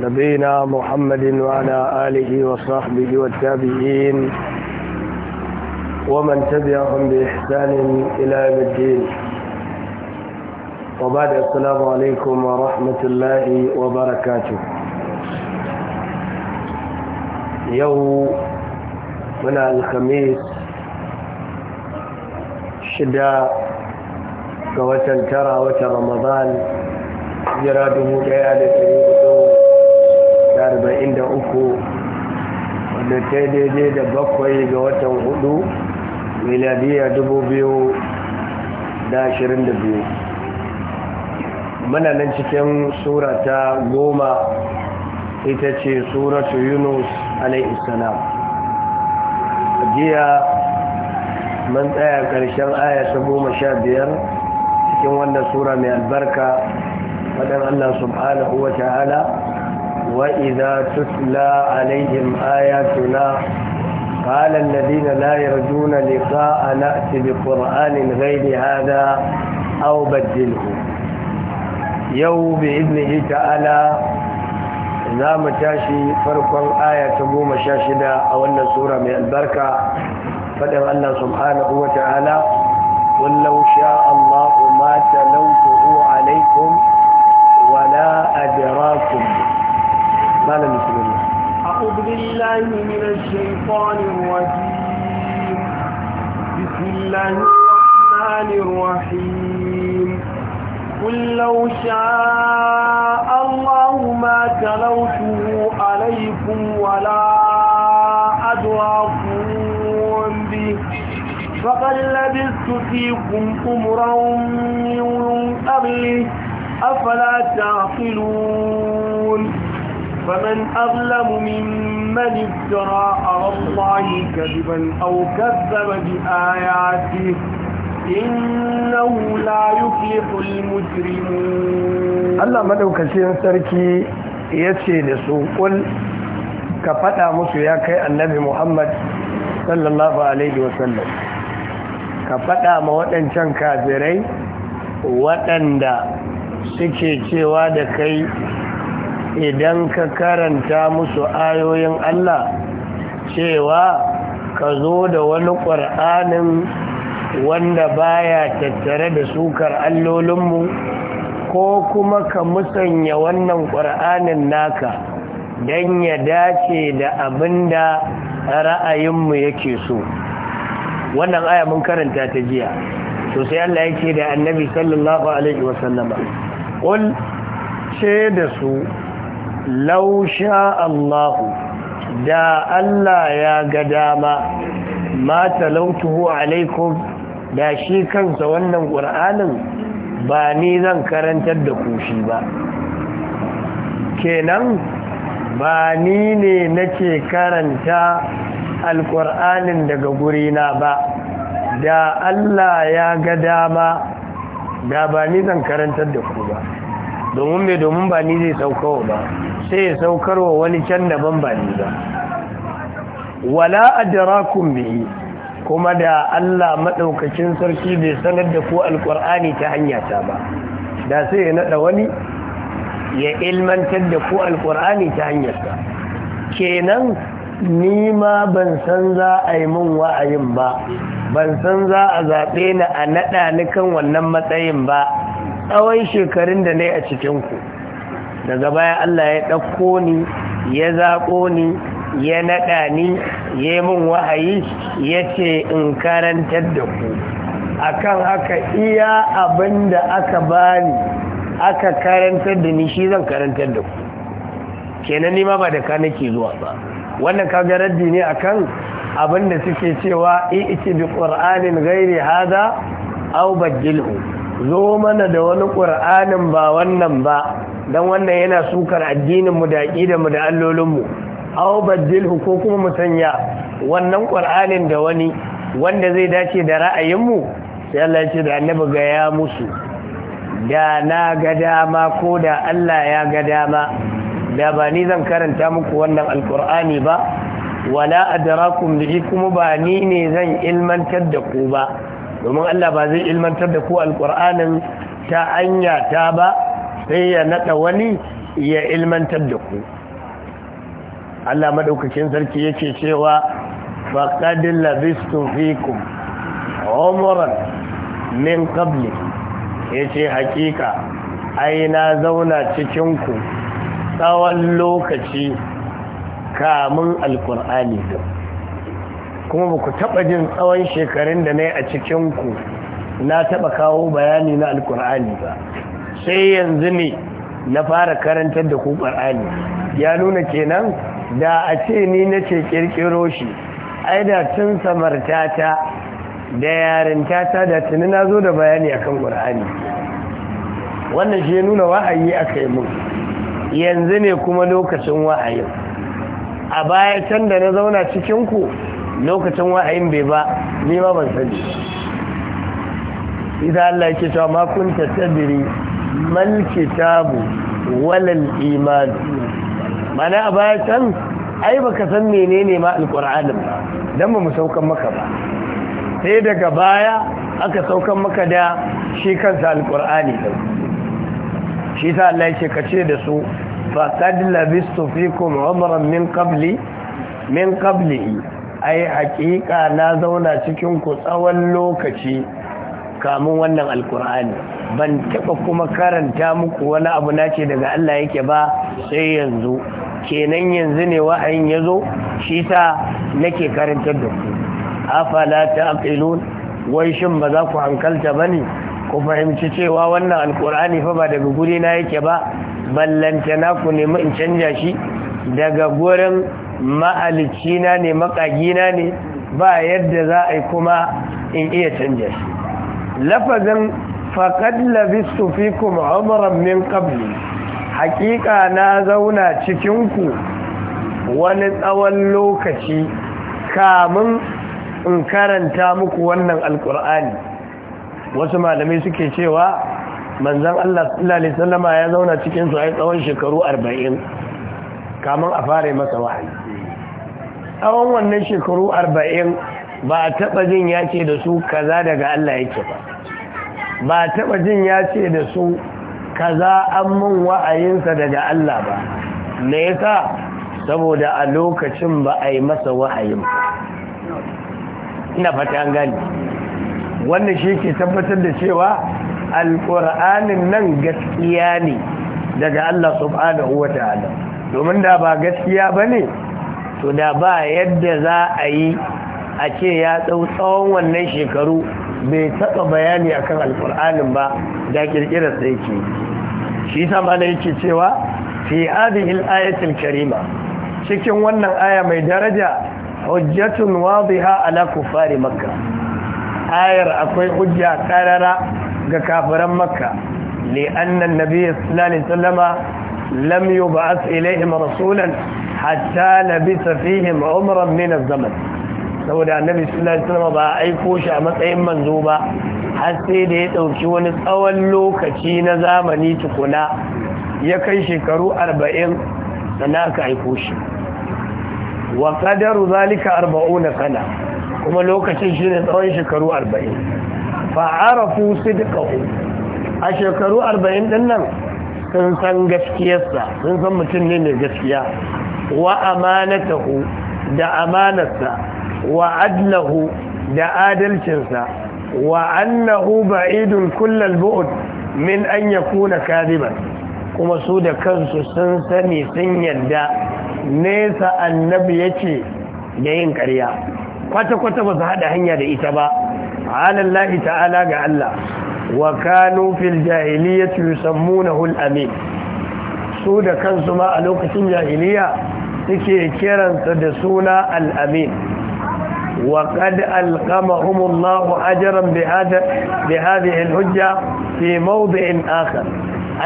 نبينا محمد وعلى آله وصحبه والتابعين ومن تبعهم بإحسان إلى يوم الدين وبعد السلام عليكم ورحمة الله وبركاته يوم من الخميس شدة كوتن ترى رمضان جرى دمو ta arba'in da uku wadda ta daidai da bakwai ga watan hudu miladiya dubu biyu da ashirin da biyu nan cikin sura ta goma ita ce suratu yunus alaihissalam jiya mun tsaya ƙarshen aya ta goma sha biyar cikin wannan sura mai albarka waɗanda allah subhanahu wa ta'ala وإذا تتلى عليهم آياتنا قال الذين لا يرجون لقاء نأتي بقرآن غير هذا أو بدله يو بإذنه تعالى za mu tashi farkon aya ta goma sha shida a wannan sura mai albarka faɗin Allah subhanahu wa ta'ala wallau sha Allah ma talautuhu alaikum wala adrakum قال بسم الله أعوذ بالله من الشيطان الرجيم بسم الله الرحمن الرحيم قل لو شاء الله ما تلوته عليكم ولا أدعكم به فقد لبثت فيكم أمرا من قبله أفلا تعقلون فمن أظلم ممن افترى على الله كذبا أو كذب بآياته إنه لا يفلح المجرمون الله ملوك سيئن سركي يسي لسو قل كفتا مسياك النبي محمد صلى الله عليه وسلم كفتا موطن شان كافرين waɗanda suke cewa da kai idan ka karanta musu ayoyin Allah cewa ka zo da wani ƙwar'anin wanda baya tattare da sukar allolinmu ko kuma ka musanya wannan ƙwar'anin naka don ya dace da abin da ra'ayinmu yake so wannan aya karanta ta jiya sosai sai Allah yake da annabi sallallahu alaihi wasallama ƙul ce da su lausha Allahu da Allah ya ga dama ma talautuhu alaikum da shi kansa wannan ƙur'anin ba ni zan karantar da kushi ba kenan ba ni ne nake karanta alƙur'anin daga gurina ba da Allah ya ga dama da ba ni zan karantar da ku ba domin mai domin ba ni zai saukawa ba sai ya saukarwa wani can daban ba ni ba wala adrakum bihi kuma da Allah madaukakin sarki bai sanar da ku alqur'ani ta hanya ta ba da sai ya nada wani ya ilmantar da ku alqur'ani ta ta kenan ni ma ban san za a yi min wa'ayin ba ban san za a zaɓe ni a naɗa ni kan wannan matsayin ba tsawon shekarun da na a cikin ku daga baya Allah ya ɗauko ni ya zaƙo ni ya naɗa ni ya yi min wahayi ya ce in karantar da ku akan haka iya abin da aka bani aka karantar da ni shi zan karantar da ku kenan nima ba da kane ke zuwa ba wannan kaga raddi ne akan abin da suke cewa i'ti bi qur'anin gairi hada au badilhu zo mana da wani qur'anin ba wannan ba don wannan yana sukar addininmu da aƙidanmu da allolinmu au baddilhu ko kuma mu sanya wannan ƙur'anin da wani wanda zai dace da ra'ayinmu sai Allah ce da annabi ga ya musu da na ga dama ko da Allah ya ga dama da ba ni zan karanta muku wannan alƙur'ani ba wala adrakum bihi kuma ba ni ne zan ilmantar da ku ba domin Allah ba zai ilmantar da ku alƙur'anin ta anya ta ba sai ya naɗa wani ya ilmantar da ku Allah maɗaukakin sarki yake cewa faƙadin labistun fikun homoran min ƙabli ya ce haƙiƙa aina zauna cikinku tsawon lokaci kamun alkur'ani da kuma ba ku taɓa jin tsawon shekarun da na a a cikinku na taɓa kawo bayani na alkur'ani ba sai yanzu ne na fara karantar da ku ƙar'ani ya nuna kenan da a ce ni na ce ƙirƙiro shi ai da tun samartata da yarintata da tuni na zo da bayani akan ƙar'ani wannan shi nuna wa'ayi a yi mun yanzu ne kuma lokacin wa'ayin a baya can da na zauna cikinku lokacin wa'ayin bai ba ni ma ban sani idan Allah ya ce cewa ma kun tattadiri mal kitabu walal iman mana a baya can ai baka san menene ma alqur'anin ba dan ba mu saukan maka ba sai daga baya aka saukan maka da shi kansa alqur'ani din shi sa Allah yake kace da su faqad labistu fikum umran min qabli min qablihi ai haƙiƙa na zauna cikin ku tsawon lokaci kamun wannan alkur'ani ban taɓa kuma karanta muku wani abu na ce daga Allah yake ba sai yanzu kenan yanzu ne wa'ayin ya zo shi ta nake karantar da ku afala ta aqilun wai shin ba za ku hankalta ba ne ku fahimci cewa wannan alkur'ani fa ba daga guri na yake ba ballanta na ku nemi in canja shi daga gurin ma'alicina ne makagina ne ba yadda za a yi kuma in iya canja shi lafazin faƙad labistu fikum umaran min qabli haƙiƙa na zauna cikinku wani tsawon lokaci kamun in karanta muku wannan alƙur'ani wasu malamai suke cewa manzan Allah sallallahu sallama ya zauna cikinsu a tsawon shekaru arba'in kamun a fara masa wahayi tsawon wannan shekaru arba'in ba a taba jin ya ce da su kaza daga Allah yake ba ba a taba jin ya ce da su kaza an mun wa'ayinsa daga Allah ba me yasa saboda a lokacin ba a yi masa wa'ayin ina fata an gani wannan shi ke tabbatar da cewa alƙur'anin nan gaskiya ne daga Allah subhanahu wa ta'ala domin da ba gaskiya ba ne to da ba yadda za a yi a ce ya ɗau tsawon wannan shekaru bai taɓa bayani akan alƙur'anin ba da ƙirƙirar da yake shi sama da yake cewa fi adi ayatul karima cikin wannan aya mai daraja hujjatun ha ala kufari makka ayar akwai hujja karara ga kafiran makka li anna an-nabiy sallallahu alaihi wasallama lam yub'ath ilayhim rasulan hatta labisa fihim umran min az-zaman saboda annabi sallallahu alaihi wasallam ba aiko shi a matsayin manzo ba har sai da ya dauki wani tsawon lokaci na zamani tukuna ya kai shekaru 40 sannan aka aiko shi wa qadaru zalika 40 sana kuma lokacin shine tsawon shekaru 40 fa arafu sidqahu a shekaru 40 din nan sun san gaskiyarsa sun san mutum ne mai gaskiya wa amanatahu da amanarsa wa adlahu da adalcinsa wa annahu idun kullal bu'ud min an kuna kadiban kuma su da kansu sun sani sun yadda nesa annabi yake da yin ƙarya kwata-kwata ba su haɗa hanya da ita ba alallahi ta'ala ga Allah wa kanu fil jahiliyyati yusammunahu al-amin su da kansu ma a lokacin jahiliya suke kiransa da suna al-amin وقد ألقمهم الله أجرا بهذا بهذه الحجة في موضع آخر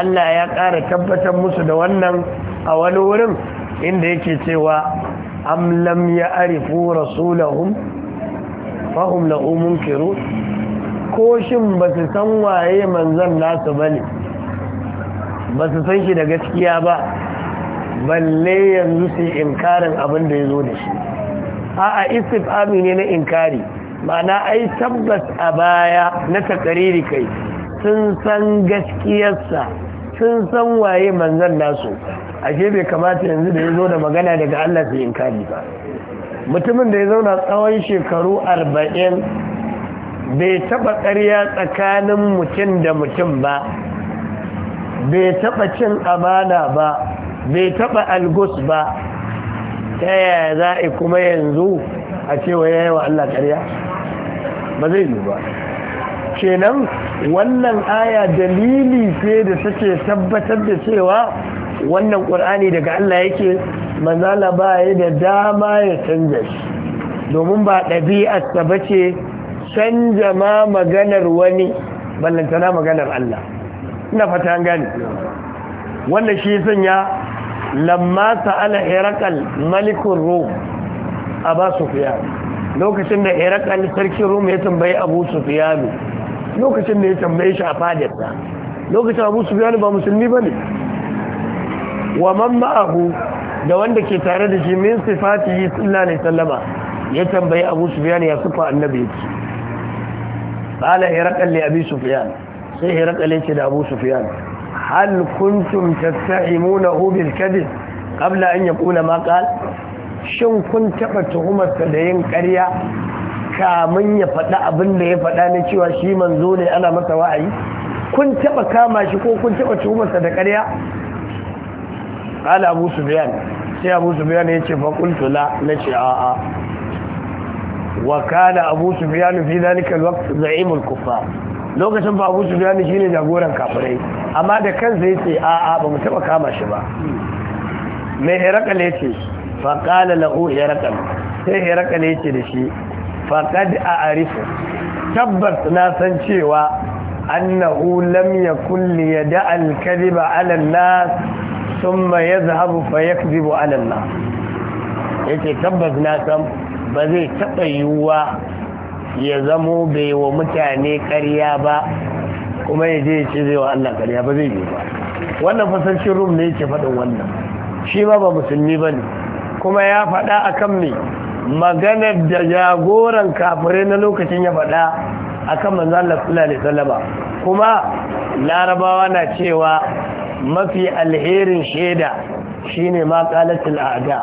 ألا يقار تبتا مسد ونن أول ورم إن ديكي سوى أم لم يعرفوا رسولهم فهم له منكرون كوشم بس سنوى هي منزل ناس بني بس سنشي دا gaskiya ba balle yanzu sai inkarin abin da ya a Isif istifami ne na inkari mana ai tabbas a baya na takariri kai sun san gaskiyarsa sun san waye manzan nasu a bai kamata yanzu da ya zo da magana daga Allah su inkari ba mutumin da ya zauna tsawon shekaru arba'in bai taba ƙarya tsakanin mutum da mutum ba bai taɓa cin amana ba bai taɓa algus ba ta yaya za a kuma yanzu a cewa ya yi wa Allah ƙarya ba zai yi ba kenan wannan aya dalili sai da take tabbatar da cewa wannan ƙur'ani daga Allah yake manzala ba ya da dama ya canza shi domin ba ɗabi'arsa ba ce canja ma maganar wani ballantana maganar Allah ina fata gani wannan shi sanya lamma sa'ala hirakal malikun rum aba sufiyan lokacin da hirakal sarkin rum ya tambayi abu sufiyan lokacin da ya tambayi shi a fadarsa lokacin abu sufiyan ba musulmi ba ne wa man ma'ahu da wanda ke tare da shi min sifatihi sallallahu alaihi wasallama ya tambayi abu sufiyan ya sufa annabi ba la hirakal li abi sufiyan sai hirakal ya ce da abu sufiyan hal kuntum tasta'imuna hu bil kadhib qabla an yaqula ma qal shin kun taba tuhumarsa da yin ƙarya kamun ya faɗa abin da ya faɗa na cewa shi manzo ne ana masa wa'ayi kun taba kama shi ko kun taba tuhumarsa da karya? qala abu sufyan sai abu sufyan ya ce fa qultu la a'a wa kana abu sufyan fi dhalika alwaqt za'imul kuffar lokacin ba sufiyani shine jagoran kafirai amma da kansa yace a a ba mu kama shi ba mai herakal yace fa qala lahu sai herakal yace da shi a a'rifu tabbas na san cewa annahu lam yakun li yada'a al-kadhiba 'ala nas thumma yadhhabu fa yakdhibu 'ala nas yace tabbas na san ba zai taba yiwuwa ya zamo bai wa mutane ƙarya ba kuma ya je ce zai wa Allah ƙarya ba zai yi ba wannan fasashin rum ne yake faɗin wannan shi ma ba musulmi ba ne kuma ya faɗa a kan mai maganar da jagoran kafure na lokacin ya faɗa a kan manzan Allah salama kuma larabawa na cewa mafi alherin shaida shine ma qalatul a'ada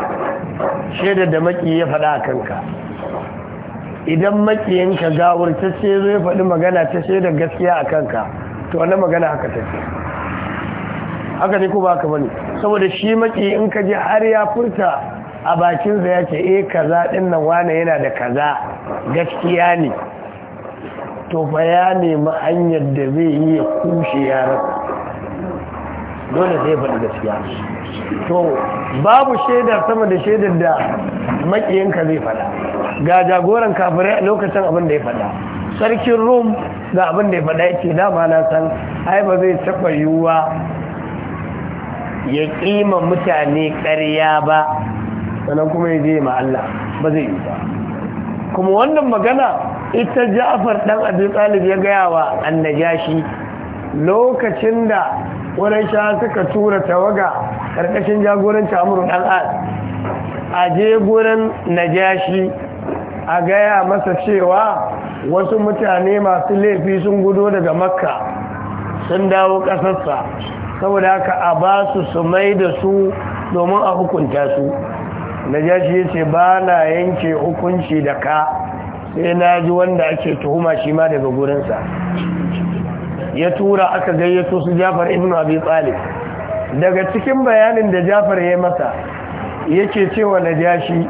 shaida da maki ya faɗa a kanka idan makiyanka gawar ta ce zai faɗi magana ta ce da gaskiya a kanka to wani magana haka ta ce haka ne ko ba haka bane saboda shi maki in ka ji har ya furta a bakinsa ya ce eh kaza ɗin nan wane yana da kaza gaskiya ne to fa ya nemi hanyar da zai yi ya kushe yaran dole zai faɗi gaskiya to babu shaidar sama da shaidar da makiyanka zai faɗa ga jagoran kafirai a lokacin abin da ya faɗa sarkin rum ga abin da ya faɗa yake dama na san ai ba zai taɓa yiwuwa ya ƙima mutane ƙarya ba sannan kuma ya je ma Allah ba zai yi ba kuma wannan magana ita ja'afar ɗan abin ɗalib ya gaya wa annajashi lokacin da wurin sha suka tura tawaga ƙarƙashin jagoranci amurin ɗan'ad a je gurin najashi a gaya masa cewa wasu mutane masu laifi sun gudo daga makka sun dawo ƙasarsa saboda haka a ba su su mai da su domin a hukunta su najashi ya ce ba na yanke hukunci da ka sai na ji wanda ake tuhuma shi ma daga gurinsa ya tura aka gayyato su jafar ibn abi tsali daga cikin bayanin da jafar ya masa yake cewa najashi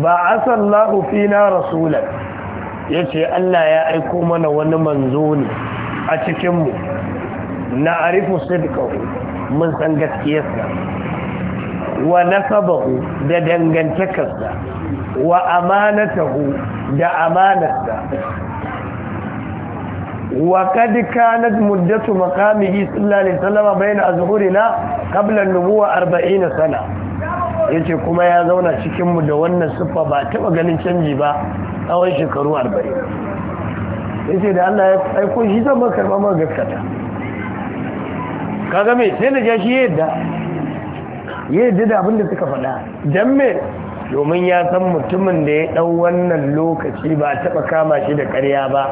ba asallahu fina rasulan yace Allah ya aiko mana wani manzo ne a cikin mu na arifu sidqahu mun san gaskiyarsa wa nasabahu da dangantakarsa wa amanatahu da amanarsa wa kad kanat muddatu maqamihi sallallahu alaihi wasallam bayna azhurina qabla an-nubuwwa 40 sana yace kuma ya zauna cikinmu da wannan siffa ba taba ganin canji ba tsawon shekaru 40 yace da Allah ya aiko shi zan ba karba ma gaskata kaga mai sai da ja shi yadda yadda da abin da suka faɗa don me domin ya san mutumin da ya ɗau wannan lokaci ba taba kama shi da karya ba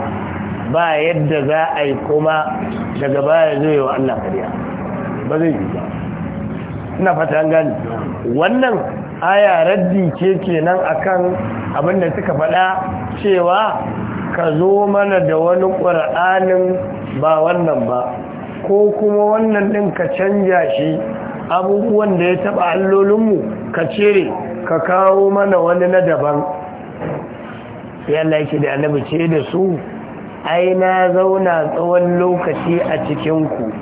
ba yadda za a yi kuma daga baya zai wa Allah ƙarya ba zai yi ba ina fata an gani wannan aya raddi ce kenan akan abin da suka faɗa cewa ka zo mana da wani ƙur'anin ba wannan ba ko kuma wannan ɗin ka canja shi abubuwan da ya taɓa allolinmu ka cire ka kawo mana wani na daban ya Allah da annabi ce da su aina zauna tsawon lokaci a cikinku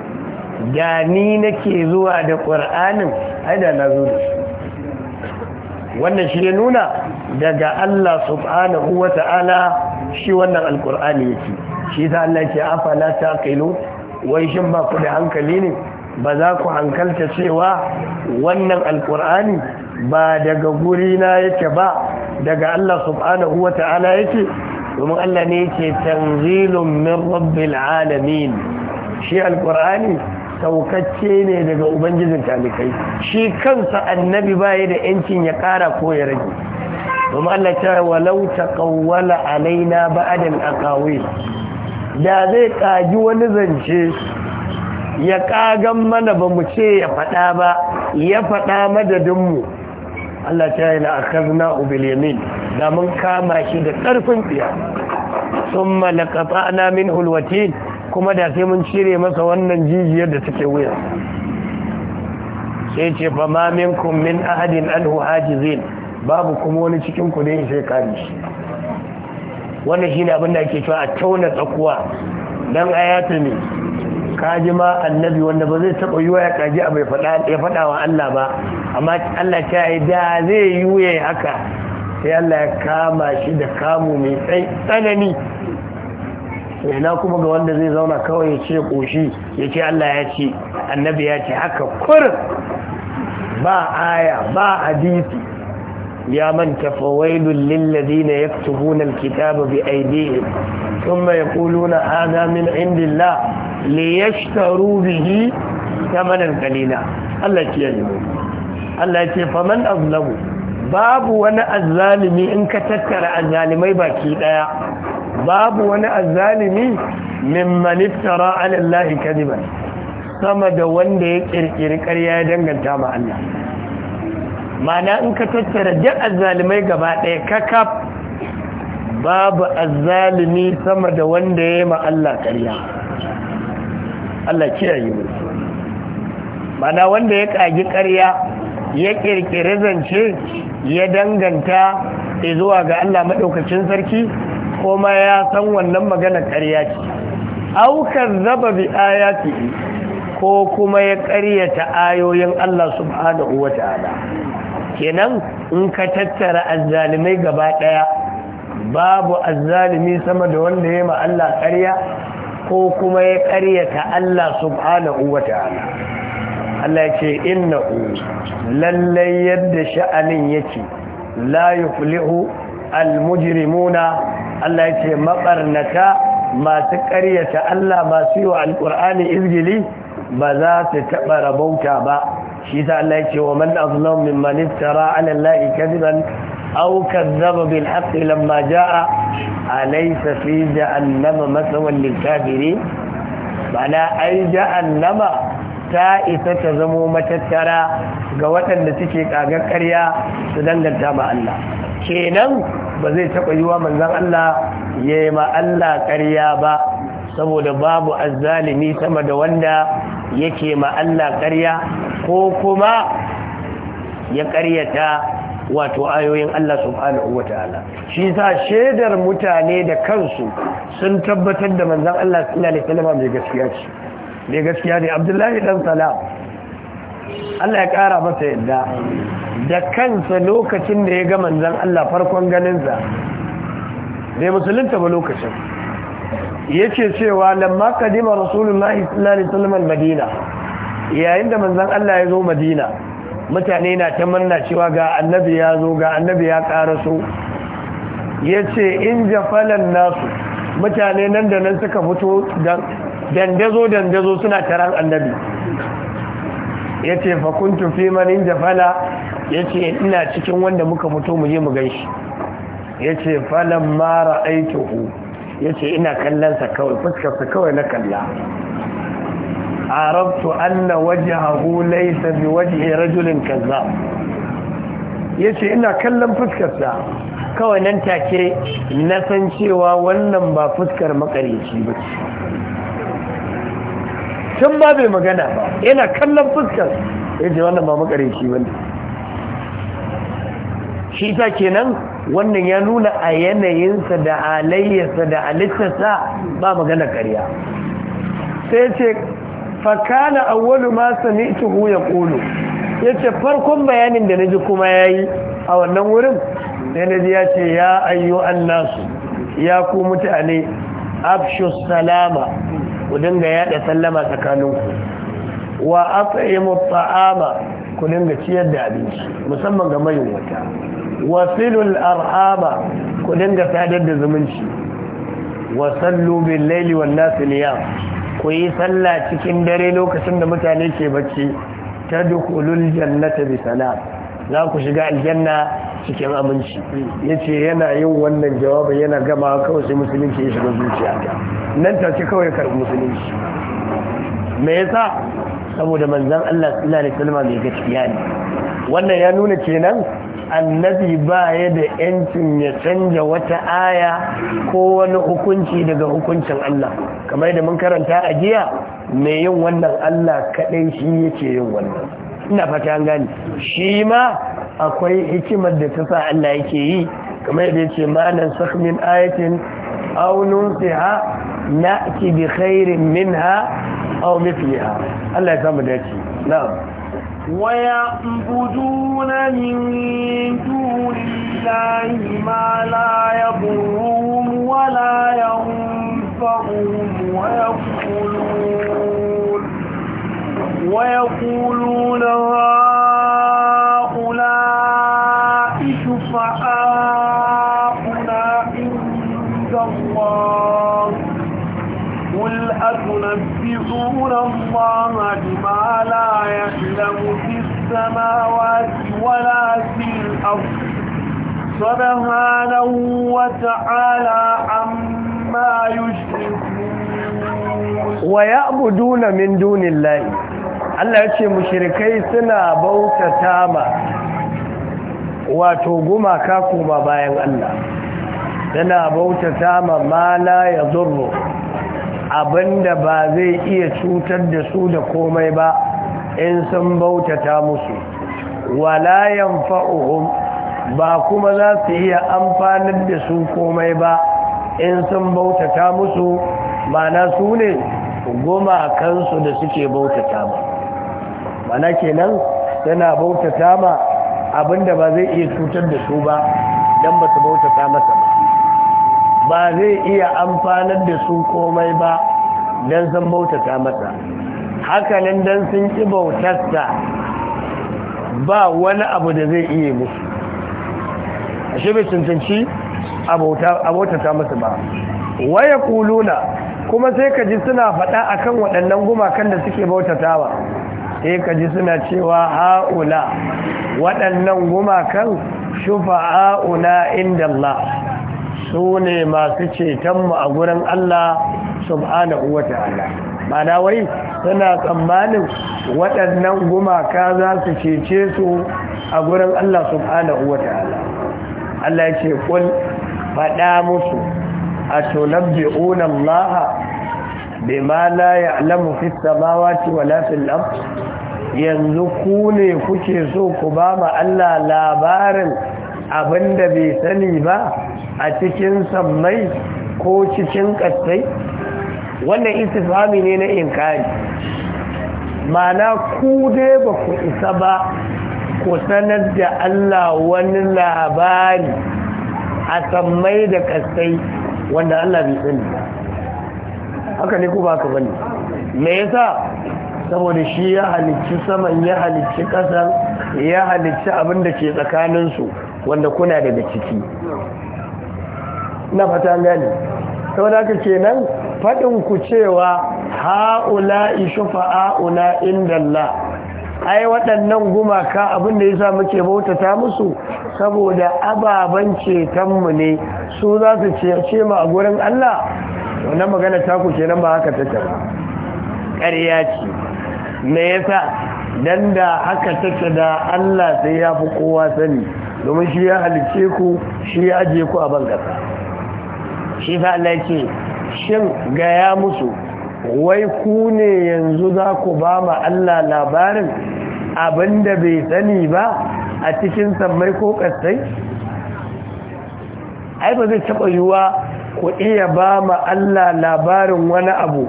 da ni nake zuwa da ƙur'anin haida na zo da wannan shi ya nuna daga Allah subhanahu wa ta'ala shi wannan alƙur'ani yake shi ta Allah ce afala ta kailu wai shi ba ku da hankali ne ba za ku hankalta cewa wannan alƙur'ani ba daga gurina yake ba daga Allah subhanahu wa ta'ala yake domin Allah ne yake tanzilun min rabbil alamin shi alƙur'ani saukacce ne daga ubangijin talikai shi kansa annabi baya da yancin ya ƙara ko ya rage domin Allah ta walau taqawwala alaina ba'dan aqawi da zai kaji wani zance ya kagan mana ba mu ce ya faɗa ba ya faɗa madadin mu Allah ta yi la'akazna ubil yamin da mun kama shi da karfin tsiya thumma laqata'na min hulwatin kuma da sai mun cire masa wannan jijiyar da take wuya sai ce fa ma minkum min ahadin anhu hajizin babu kuma wani cikin ku ne ya sai kare shi wannan shine abin da ake cewa a tauna tsakuwa dan ayatu ne ka ji ma annabi wanda ba zai taba yiwa ya kaji a bai ya fada wa Allah ba amma Allah ta yi da zai yiwa haka sai Allah ya kama shi da kamu mai tsanani ina kuma ga wanda zai zauna kawai ya ce ƙoshi ya ce Allah ya ce annabi ya ce haka kurin ba aya ba hadisi ya manta fawailun lillazina yaktubuna alkitaba bi aydihim thumma yaquluna hadha min indillah liyashtaru bihi thamanan qalila Allah ya ce ya Allah ya ce faman azlamu babu wani azzalimi in ka tattara azzalimai baki daya babu wani azalimi mimman iftara alallahi Allah kadiban sama da wanda ya kirkiri ƙarya ya danganta ma Allah mana in ka tattara duk azzalimai gaba ɗaya kakaf babu azzalimi sama da wanda ya yi ma Allah ƙarya Allah kiyaye mu mana wanda ya kagi ƙarya ya kirkiri zance ya danganta zuwa ga Allah madaukakin sarki Koma ya san wannan magana ƙarya ce aukar zaba bi ayati ko kuma ya ƙaryata ayoyin Allah subhanahu wa ta'ala kenan in ka tattara azzalimai gaba ɗaya babu azzalimi sama da wanda ya ma Allah ƙarya ko kuma ya ƙaryata Allah subhanahu wa ta'ala Allah ya ce inna lallai yadda sha'anin yake la yuflihu almujrimuna Allah ya mabarnata masu ƙaryata Allah masu yi wa alƙur'ani izgili ba za su taɓa rabauta ba shi ta Allah ya wa man azlam mimman iftara ala Allah kadiban aw kadzaba bil haqqi lamma jaa alaysa fi jahannama masawan lil kafirin bala ai jahannama ta isa ta zamo matattara ga waɗanda suke ƙagar ƙarya su danganta ma Allah kenan ba zai taɓa yiwa manzan Allah ya yi ma Allah ƙarya ba saboda babu azzalimi sama da wanda yake ma Allah ƙarya ko kuma ya ƙaryata wato ayoyin Allah subhanahu Ta'ala. shi yasa shaidar mutane da kansu sun tabbatar da manzan Allah sallallahu alaihi wasallam mai gaskiya ce ne gaskiya ne abdullahi dan salam Allah ya kara masa yadda da kansa lokacin da ya ga manzan Allah farkon ganinsa bai musulunta ba lokacin Ya ce cewa lamma kadima rasulullahi sallallahu alaihi wasallam madina yayin da manzan Allah ya zo madina mutane na ta manna cewa ga annabi ya zo ga annabi ya karaso ce in jafalan nasu mutane nan da nan suka fito dandazo dandazo suna taron annabi ya ce fakuntu fi manin jafala ya ce ina cikin wanda muka fito mu yi mu ganshi ya ce falon mara aituhu ya ce ina kallonsa kawai fuskarsa kawai na kalla A arabtu anna wajhahu laysa bi waje rajulin kaza. Ya ce, ina kallon fuskarsa kawai nan take na san cewa wannan ba fuskar makareci ba ce Tun ba bai magana yana kallon fuskar ya ce wannan ba shi wani shi ta kenan wannan ya nuna a yanayinsa da alayyarsa da halittarsa ba magana karya sai ce fakana awwalu ya kolo. Ya ce farkon bayanin da na ji kuma ya yi a wannan wurin sai naji ya ce ya ayyo an nasu ya ku mutane afshus salama ku dinga yada sallama tsakaninku wa at'imu ta'ama ku dinga ciyar da abinci musamman ga mayunwata wa silul ku dinga sadar da zumunci wa sallu bil laili wan nas niyam ku yi sallah cikin dare lokacin da mutane ke bacci tadkhulul jannata bi salam za ku shiga aljanna cikin aminci ya ce yana yin wannan jawabin yana gama kawai sai musulunci ya shiga zuciya nan ta ce kawai karɓi musulunci me yasa saboda manzan Allah sallallahu alaihi wasallam bai ciki ne wannan ya nuna kenan annabi ba ya da yancin ya canja wata aya ko wani hukunci daga hukuncin Allah kamar da mun karanta a jiya mai yin wannan Allah kaɗai shi yake yin wannan ina fata an gani shi ma akwai hikimar da ta sa Allah yake yi kamar yadda yake malan sakmin ayatin aw nunsiha na'ti bi khairin minha aw mithliha Allah ya samu dace na'am wa ya'buduna min dunillahi ma la yadurruhum wa la yanfa'uhum wa yaqulun ويقولون يخدعون الله بما لا يعلم في السماوات ولا في الأرض سبحانه وتعالى عما يشركون ويعبدون من دون الله Allah ya ce mushrikai suna bauta tama. wato gumaka kuma bayan Allah suna bautata ma ma la yadurru abinda ba zai iya cutar da su da komai ba in sun bautata musu wala yanfa'uhum ba kuma za su iya amfanar da su komai ba in sun bautata musu mana su ne goma kansu da suke bautata ba mana kenan yana bautata ma abinda ba zai iya cutar da su ba don ba su bautata masa ba ba zai iya amfanar da su komai ba don sun bautata mata hakanan don sun ƙi bautarsa ba wani abu da zai iya musu a shi bai a bautata masu ba waya kuluna kuma sai ka ji suna faɗa akan waɗannan gumakan da suke bautatawa sai ka ji suna cewa ha'ula waɗannan gumakan shufa shufa'a'una inda Allah su ne masu cetonmu a gurin Allah subhanahu wa ta'ala mana wai suna tsammanin waɗannan gumaka za su cece su a gurin Allah subhanahu wa ta'ala Allah ya ce kul faɗa musu a laha, Allah bima la ya'lamu fis samawati wala fil yanzu ku ne kuke so ku ba ma Allah labarin abinda bai sani ba a cikin sammai ko cikin ƙasai wannan istifami ne na inkari mana ku dai ba ku isa ba ku sanar da Allah wani labari a sammai da ƙasai wanda Allah bai sani haka ne ku ba ka bane me yasa saboda shi ya halicci saman ya halicci ƙasan ya halicci abinda da ke tsakaninsu wanda kuna daga ciki na fata gani sau da kenan faɗin ku cewa ha'ula shufa'a'una inda Allah ai waɗannan gumaka da ya sa muke bautata musu saboda ababen cetonmu ne su za su ce mu a gurin Allah wannan magana taku kenan ba haka take ba ƙarya ce me yasa dan da haka take da Allah sai ya fi kowa sani domin shi ya halice ku shi ya aje ku a ban ƙasa shi fa Allah ce shin gaya musu wai ku ne yanzu za ku ba ma Allah labarin abinda bai sani ba a cikin sammai ko kastai ai ba zai taɓa yiwuwa ku iya ba ma Allah labarin wani abu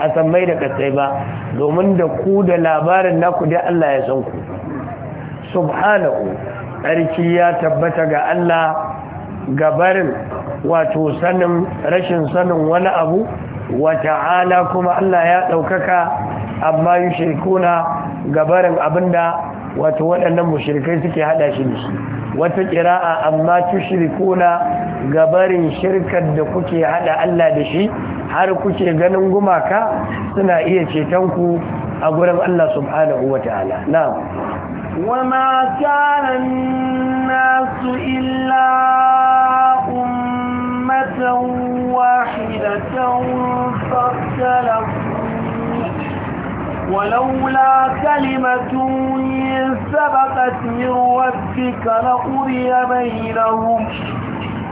a sammai da kastai ba domin da ku da labarin naku dai Allah ya san ku subhanahu tsarki ya tabbata ga Allah gabarin wato sanin rashin sanin wani abu wata'ala kuma Allah ya ɗaukaka amma yi shirkuna gabarin abinda wato waɗannan mushrikai suke haɗa shi da shi wata ƙira'a amma shirkuna gabarin shirkar da kuke haɗa Allah da shi har kuke ganin gumaka suna iya cetonku a gurin Allah subhanahu wa ta'ala na'am كلمة واحدة فاختلفوا ولولا كلمة سبقت من ربك لقضي بينهم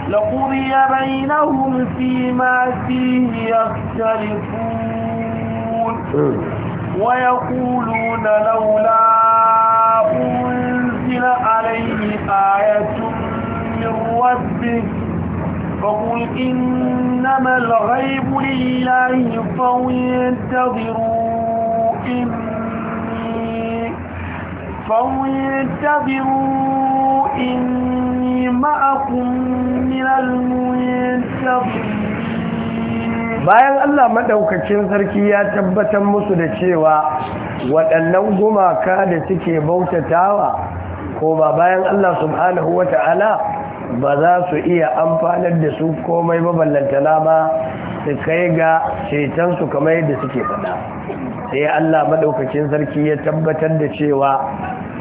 لقضي بينهم فيما فيه يختلفون ويقولون لولا أنزل عليه آية من ربه فقل إنما الغيب لله فانتظروا إني فانتظروا إني معكم من المنتظرين bayan Allah madaukakin sarki ya tabbatar musu da cewa waɗannan gumaka da suke bautatawa ko ba bayan Allah subhanahu ta'ala. ba za su iya amfanar da su komai maballantana ba su kai ga cetonsu kamar yadda suke fada sai allah maɗaukacin sarki ya tabbatar da cewa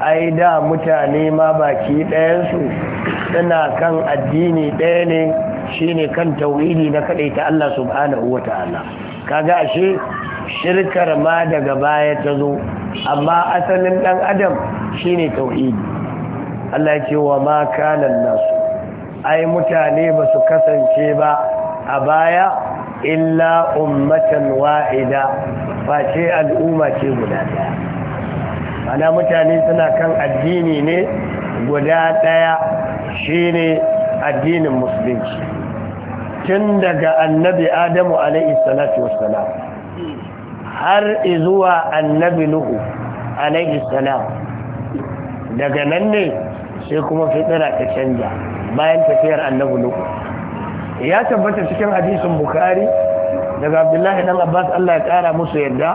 ai da mutane ma baki ɗayansu suna kan addini ɗaya ne shine kan tauhidi na kaɗai ta allah subhanahu wa ta'ala kaga ashe shirkar ma daga baya ta zo amma asalin ɗan adam shine tauhidi Allah ya ce wa ma kanan nasu ai mutane ba su kasance ba a baya illa ummatan wa'ida face al'umma ce guda daya ana mutane suna kan addini ne guda daya shine addinin musulunci tun daga annabi adamu alaihi salatu wassalam har izuwa annabi nuhu alaihi salam daga nan ne sai kuma fitira ta canja bayan tafiyar annabu nuhu ya tabbata cikin hadisin bukhari daga abdullahi dan abbas allah ya kara musu yadda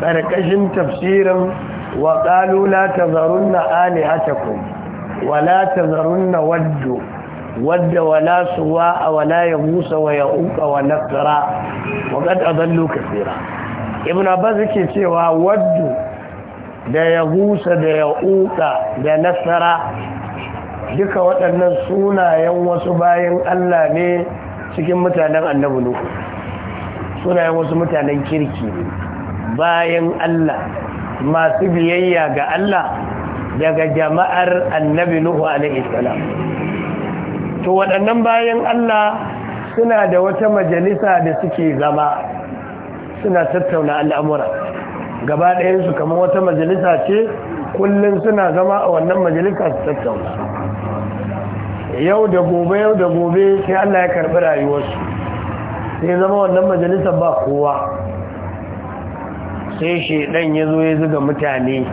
karkashin tafsirin wa qalu la tazarunna alihatakum wa la tazarunna waddu wadda wala suwa wala yamusa wa ya uka wa nasra wa qad adallu kafira, Ibn abbas yake cewa waddu da yahusa da ya uka da nasara duka waɗannan sunayen wasu bayan Allah ne cikin mutanen annabu nuku sunayen wasu mutanen kirki bayan Allah masu biyayya ga Allah daga jama'ar annabi nuhu alaihi salam to waɗannan bayan Allah suna da wata majalisa da suke zama suna tattauna al'amura gaba ɗayansu kamar wata majalisa ce kullum suna zama a wannan majalisa su tattauna yau da gobe yau da gobe sai Allah ya karɓi rayuwarsu sai zama wannan majalisar ba kowa sai shaidan ya zo ya zuga mutane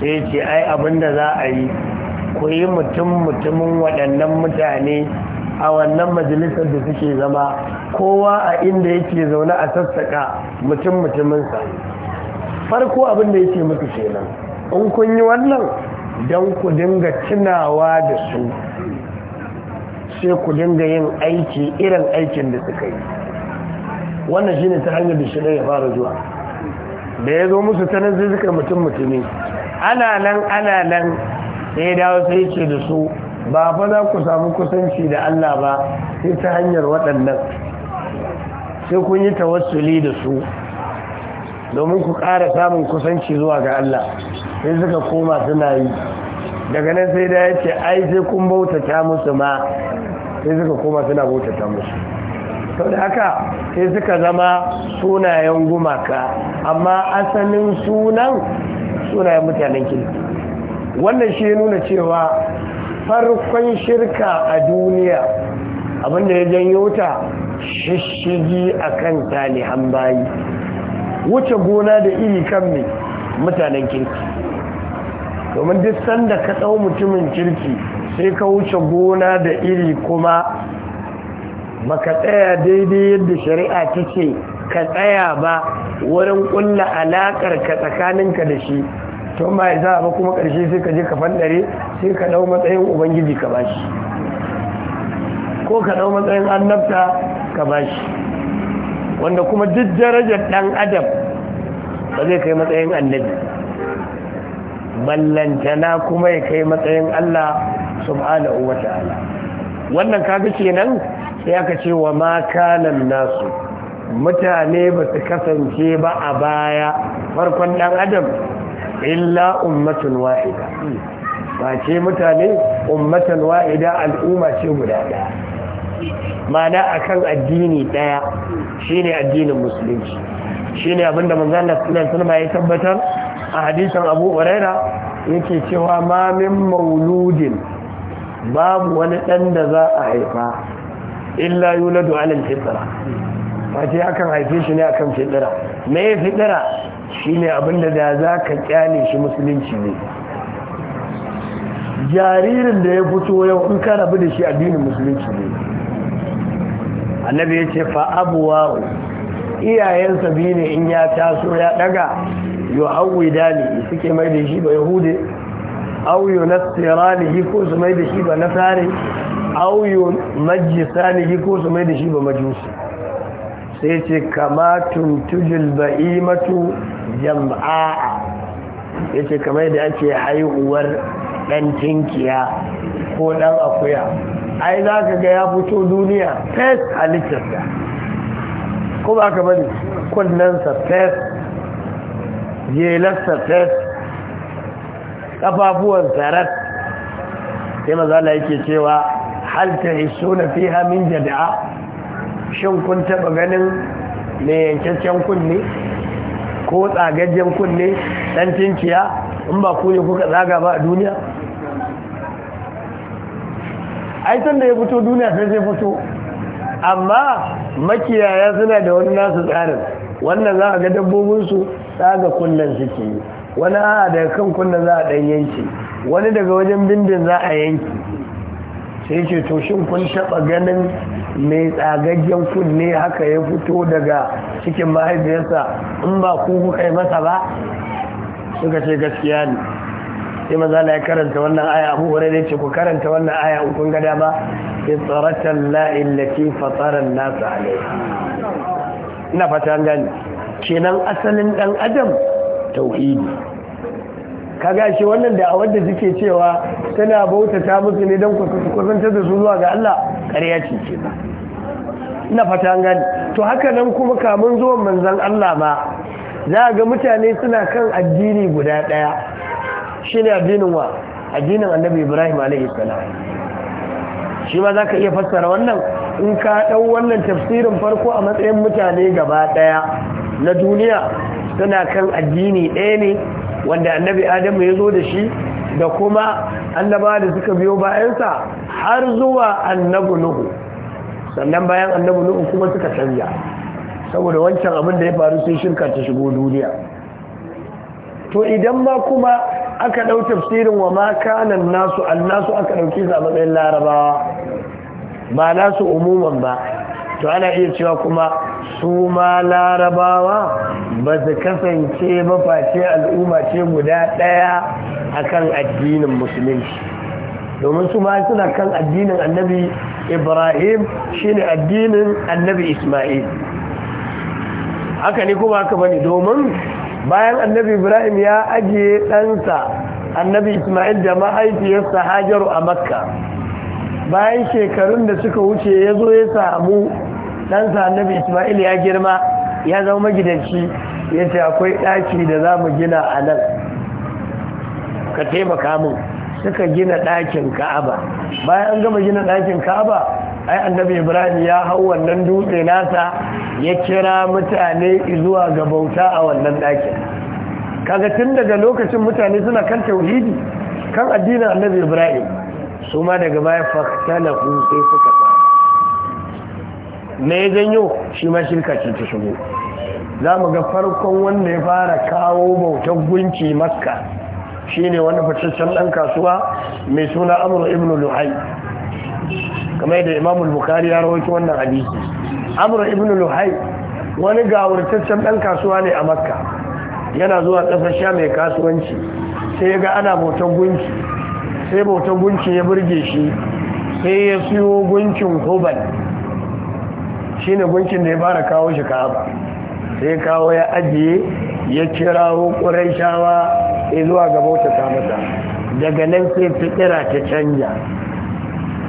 sai ce ai abinda za a yi ku yi mutum mutumin waɗannan mutane a wannan majalisar da suke zama kowa a inda yake zaune a sassaƙa mutum mutuminsa farko abinda yake mutu kenan in kun yi wannan don ku dinga tunawa da su sai ku dinga yin aiki irin aikin da suka yi wannan shine ta hanyar da shi ya fara zuwa da ya zo musu ta nan sai mutum mutumi ana nan ana nan sai dawo sai ce da su ba fa za ku samu kusanci da Allah ba sai ta hanyar waɗannan sai kun yi tawassuli da su domin ku ƙara samun kusanci zuwa ga Allah sai suka koma suna yi daga nan sai da ya ce ai sai kun bauta ta musu ma sai suka koma suna bautata musu sau da haka sai suka zama sunayen gumaka amma asalin sunan sunayen mutanen kirki wannan shi nuna cewa farkon shirka a duniya abinda ya janyo ta shishigi a kan talihan bayi wuce gona da iri kan mai mutanen kirki domin duk sanda ka ɗau mutumin kirki sai ka wuce gona da iri kuma baka tsaya daidai yadda shari'a ta ce ka tsaya ba wurin kulla alakar ka tsakaninka da shi to ma za a ba kuma karshe sai ka je ka fandare sai ka dau matsayin ubangiji ka bashi ko ka dau matsayin annabta ka bashi wanda kuma duk darajar dan adam ba zai kai matsayin annabi ballantana kuma ya kai matsayin Allah subhanahu wa ta'ala wannan kaga kenan sai aka ce wa ma kanan nasu mutane ba su kasance ba a baya farkon dan adam illa ummatun wahida ba ce mutane ummatan wahida al'umma ce guda daya mana akan addini daya shine addinin musulunci shine abinda manzon Allah sallallahu alaihi ya tabbatar a hadisin Abu Huraira yake cewa ma min mauludin babu wani ɗan da za a haifa illa yuladu alal fitra wace akan haife shi ne akan fitra me fitra shine abinda da za ka kyale shi musulunci ne jaririn da ya fito yau in ka rabu da shi addinin musulunci ne annabi ya ce fa iyayensa biyu ne in ya taso ya daga yau hauwi dali suke mai da shi ba yahude au yunassiranihi ko su mai da shi ba na nasare au yunajjisanihi ko su mai da shi ba majusi sai ce kama tuntujul ba'imatu jam'a'a yace kamar da ake haihuwar dan tinkiya ko dan akuya ai za ka ga ya fito duniya fes halittarsa ko ba ka bari kunnensa fes jelarsa fes kafafuwan sarat sai mazala yake cewa hal ta iso na fi hamin jada'a shin kun taba ganin mai yankaccen kunne ko tsagajjen kunne dan cinciya in ba ku ne kuka tsaga ba a duniya aitan da ya fito duniya sai zai fito amma makiyaya suna da wani nasu tsarin wannan za a ga dabbobinsu tsaga kunnen suke yi wani a daga kan kunna za a ɗan yanki wani daga wajen bindin za a yanki sai ce to kun taɓa ganin mai tsagaggen kunne haka ya fito daga cikin mahaifiyarsa in ba ku kuka yi masa ba suka ce gaskiya ne sai maza na ya karanta wannan aya abu wani ne ce ku karanta wannan aya kun ga dama fitaratan la'in ke fataran nasu alaihi ina fata gani kenan asalin dan adam tauhidi kaga shi wannan da a wanda suke cewa tana bautata musu ne don kusantar da su zuwa ga Allah ƙarya ce ce ba ina fata gani to haka nan kuma kamun zuwan manzon Allah ba za ga mutane suna kan addini guda ɗaya shine addinin wa addinin annabi Ibrahim alaihi salam shi ma za ka iya fassara wannan in ka ɗau wannan tafsirin farko a matsayin mutane gaba ɗaya na duniya Tana kan addini ɗaya ne wanda annabi adamu ya zo da shi da kuma annaba da suka biyo bayansa har zuwa annabu nuhu sannan bayan annabu nuhu kuma suka canja saboda wancan abin da ya faru sai shirka ta shigo duniya to idan ma kuma aka ɗau tafsirin wa ma nasu annasu aka ɗauki su a matsayin larabawa ba nasu umuman ba to ana iya cewa kuma su ma larabawa ba su kasance mafashe al'umma ce guda ɗaya akan addinin musulunci domin su ma suna kan addinin annabi ibrahim shine addinin annabi ismail haka ne kuma haka bane domin bayan annabi ibrahim ya ajiye ɗansa annabi ismail da mahaifiyarsa hajaru a makka bayan shekarun da suka wuce ya zo ya samu ɗansa annabi ismail ya girma ya zama magidanci ya ce akwai ɗaki da za mu gina a nan ka taimaka min suka gina ɗakin ka'aba bayan an gama gina ɗakin ka'aba ai annabi ibrahim ya hau wannan dutse nasa ya kira mutane zuwa ga bauta a wannan ɗakin kaga tun daga lokacin mutane suna kan tauhidi kan addinin annabi ibrahim su ma daga baya faktala sai suka sa Na ya janyo shi ma shirka ce ta shigo za mu ga farkon wanda ya fara kawo bautar gunki shi ne wani fitaccen ɗan kasuwa mai suna amur ibn luhai kamar yadda imamul bukari ya rawaki wannan hadisi amur ibn luhai wani gawurtaccen ɗan kasuwa ne a makka yana zuwa ƙasar sha mai kasuwanci sai ya ga ana bautar gunki sai bautar gunki ya burge shi sai ya siyo gunkin hubal ne gunkin da ya fara kawo shi ka'aba sai kawo ya ajiye ya shawa ya zuwa ga bautata mata daga nan sai fitira ta canja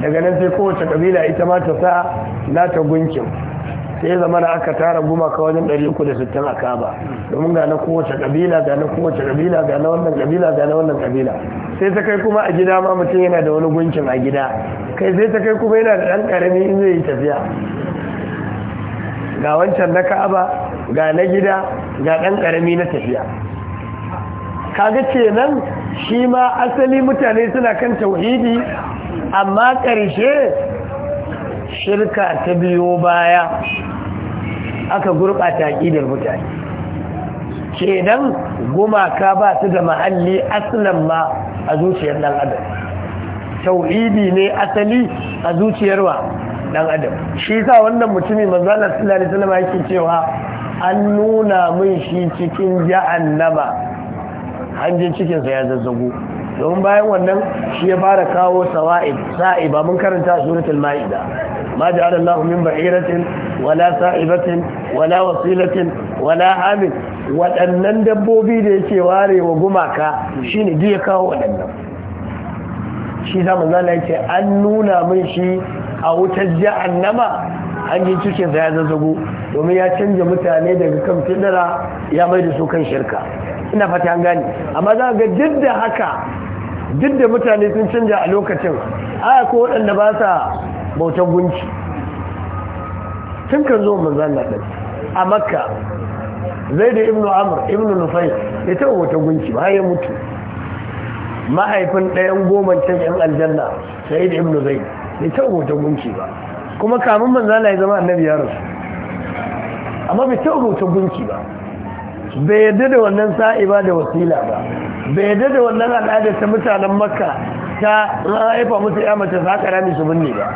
daga nan sai kowace kabila ita ma ta sa ta gunkin sai zama da aka tara ka wajen 360 a kaba domin ga na kowace kabila ga na kowace kabila ga na wannan kabila ga na wannan kabila sai ta kai kuma a gida ma mutum yana da wani gunkin a gida kai sai ta kai kuma yana da ɗan ƙarami in zai yi tafiya ga wancan na ka'aba ga na gida ga ɗan ƙarami na tafiya kaga kenan shi ma asali mutane suna kan tauhidi amma ƙarshe shirka ta biyo baya aka gurɓata ƙidar mutane kenan gumaka ba su da mahalli asalin ma a zuciyar ɗan adam tauhidi ne asali a zuciyarwa dan adam shi sa wannan mutumin manzala sallallahu alaihi wasallam yake cewa an nuna min shi cikin jahannama Hanje cikin sa ya zazzago don bayan wannan shi ya fara kawo sawa'id sa'iba mun karanta suratul maida ma ja'ala Allahu min ba'iratin wala sa'ibatin wala wasilatin wala hamil waɗannan dabbobi da yake ware wa gumaka shine duk ya kawo waɗannan shi zaman zala yake an nuna min shi a wutar an yi cikin ya zazzago domin ya canja mutane daga kan fidara ya mai da su kan shirka ina fata an gani amma za ga duk da haka duk da mutane sun canja a lokacin aya ko waɗanda ba sa bautar gunci tun kan zo manzan na ɗan a makka zai da ibnu amur ibnu nufai ya taɓa bautar gunci ba ya mutu mahaifin ɗayan goma can yan aljanna sai da ibnu zai bai taɓa bautar gunki ba kuma kamun manzo Allah ya zama annabi ya rasu amma bai taɓa bautar gunki ba bai yadda da wannan sa'i ba da wasila ba bai yadda da wannan al'adar ta mutanen makka ta haifa musu ya mace za ka rami su binne ba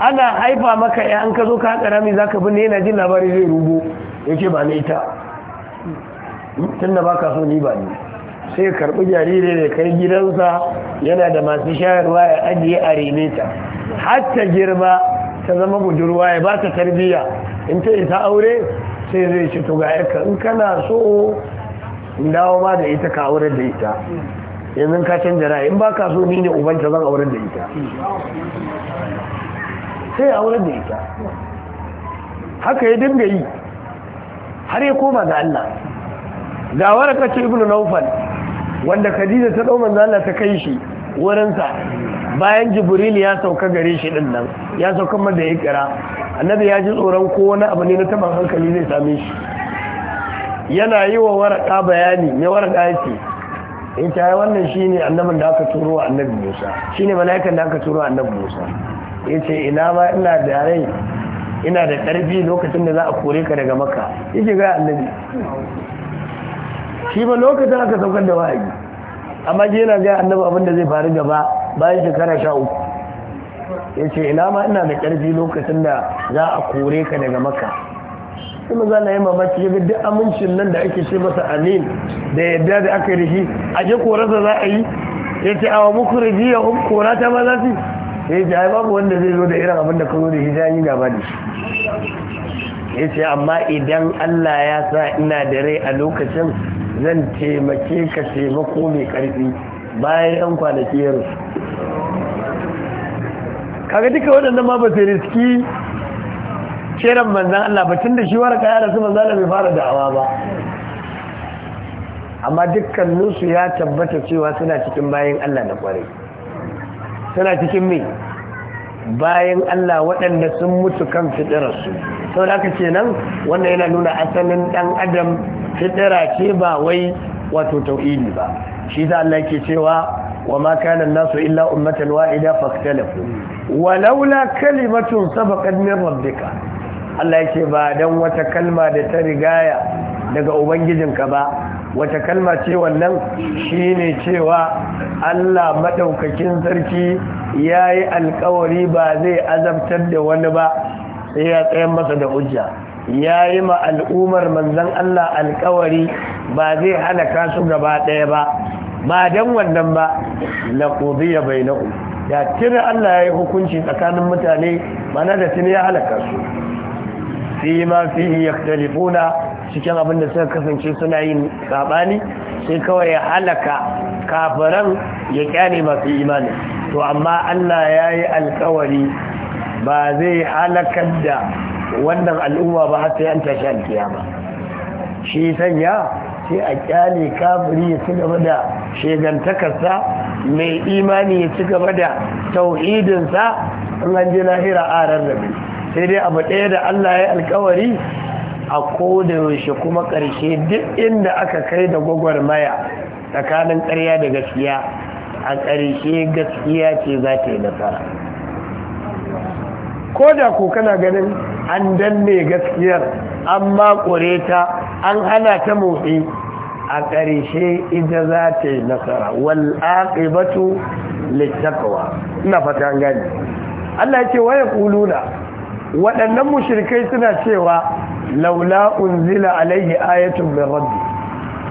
ana haifa maka ya an ka zo ka haka rami za ka binne yana jin labari zai rubo ya ce ba na ita hmm, tun da ba ka so ni ba ne sai karɓi jarire da kai gidansa yana da masu shayarwa ya ajiye a rene ta hatta girma ta zama budurwa ya ba ta tarbiyya in ta ita aure sai zai ci to ga yaka in kana so in dawo ma da ita ka aure da ita yanzu ka canja ra'ayi in baka so ni ne ta zan aure da ita sai aure da ita haka ya dinga yi har ya koma ga Allah ga waraka ibnu naufal wanda khadija ta dau manzo Allah ta kai shi wurinsa bayan jibril ya sauka gare shi din nan ya sauka mada ya kira annabi ya ji tsoron ko wani abu ne na taban hankali zai same shi yana yi wa waraka bayani mai waraka ce in ta yi wannan shi ne annabin da aka turo annabi musa shi ne mala'ikan da aka turo annabi musa ya ce ina ma ina da rai ina da ƙarfi lokacin da za a kore ka daga maka yake ga annabi shi ba lokacin aka saukar da wa'ayi amma shi yana ga annabi abin da zai faru gaba bayan shekara sha uku ya ce ina ma ina da ƙarfi lokacin da za a kore ka daga maka sai maza na yi mamaki ya duk amincin nan da ake ce masa amin da yadda da aka rishi a je korarsa za a yi ya ce awa muku rishi ya kora ta ma za su ya ce ai babu wanda zai zo da irin abin da kano da shi ta yi gaba da shi ya ce amma idan allah ya sa ina da rai a lokacin zan taimake ka taimako mai karfi bayan 'yan kwanaki ya kaga duka waɗannan ma ba su riski shirin manzan Allah ba tun da shi waraka ya rasu manzan da bai fara da'awa ba amma dukkaninsu ya tabbata cewa suna cikin bayan Allah na kwarai suna cikin mai bayan Allah waɗanda sun mutu kan fitararsu sau da aka ce nan wannan yana nuna asalin ɗan adam fitara ce ba wai wato tau'ili ba shi za Allah ke cewa wa ma kanan nasu illa ummatan wa'ida faktalafu walaula kalimatun sabaqat min rabbika Allah yake ba dan wata kalma da ta rigaya daga ubangijinka ba wata kalma ce wannan shine cewa Allah madaukakin sarki yayi alƙawari ba zai azabtar da wani ba sai ya tsayar masa da hujja yayi ma al'umar manzon Allah alƙawari ba zai halaka su gaba ɗaya ba ba dan wannan ba laqudiya bainakum da tuni Allah ya yi hukunci tsakanin mutane mana da tuni ya halaka su fi ma fi talifuna cikin abin da suka kasance suna yin sabani sai kawai ya halaka kafiran ya kyane masu imani to amma Allah ya yi alkawari ba zai halakar da wannan al'umma ba har sai an tashi ba shi sanya sai a kyale kafiri ya ci gaba da shegantakarsa mai imani ya ci gaba da tauhidinsa an ji lahira a rarrabe sai dai abu ɗaya da Allah ya alkawari a kodayaushe kuma ƙarshe duk inda aka kai da gwagwarmaya tsakanin ƙarya da gaskiya a ƙarshe gaskiya ce za ta yi nasara ko da ku kana ganin an danne gaskiyar an ƙure ta an hana ta motsi a ƙarshe ita za ta yi nasara wal'aƙibatu littakawa ina fata an gani Allah ce waya kuluna waɗannan mushrikai suna cewa laula unzila alaihi ayatun min rabbi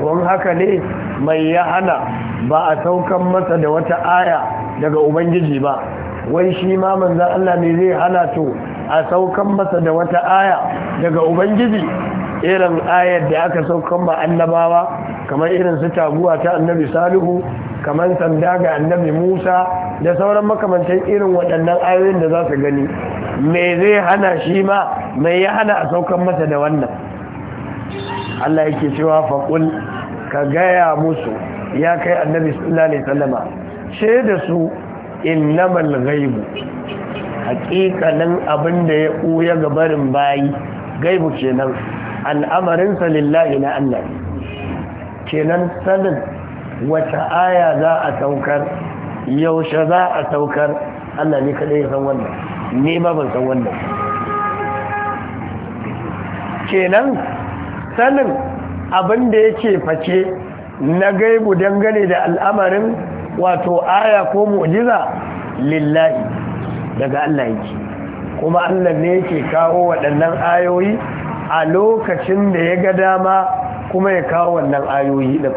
Wani haka ne mai ya hana ba a saukan masa da wata aya daga ubangiji ba wai shi ma manzan Allah ne zai hana to a saukan masa da wata aya daga ubangiji irin ayar da aka saukan ba annabawa kamar irin su taguwa ta annabi salihu kamar sanda ga annabi musa da sauran makamantan irin waɗannan ayoyin da za su gani me zai hana shi ma mai ya hana a saukan masa da wannan allah yake cewa faƙul ka gaya musu ya kai annabi sallallahu alaihi wasallama shaida su innamal ghaibu hakikalin abin da ya ɓuya ga barin bayi gaibu kenan al'amarinsa lillahi na Allah kenan sanin wata aya za a saukar yaushe za a saukar Allah ne kaɗai ya san wannan ne ma ban san wannan kenan sanin abin da ya ce face na gaibu dangane da al'amarin wato aya ko mu'jiza lillahi daga Allah yake kuma Allah ne yake kawo waɗannan ayoyi a lokacin da ya ga dama kuma ya kawo wannan ayoyi ɗin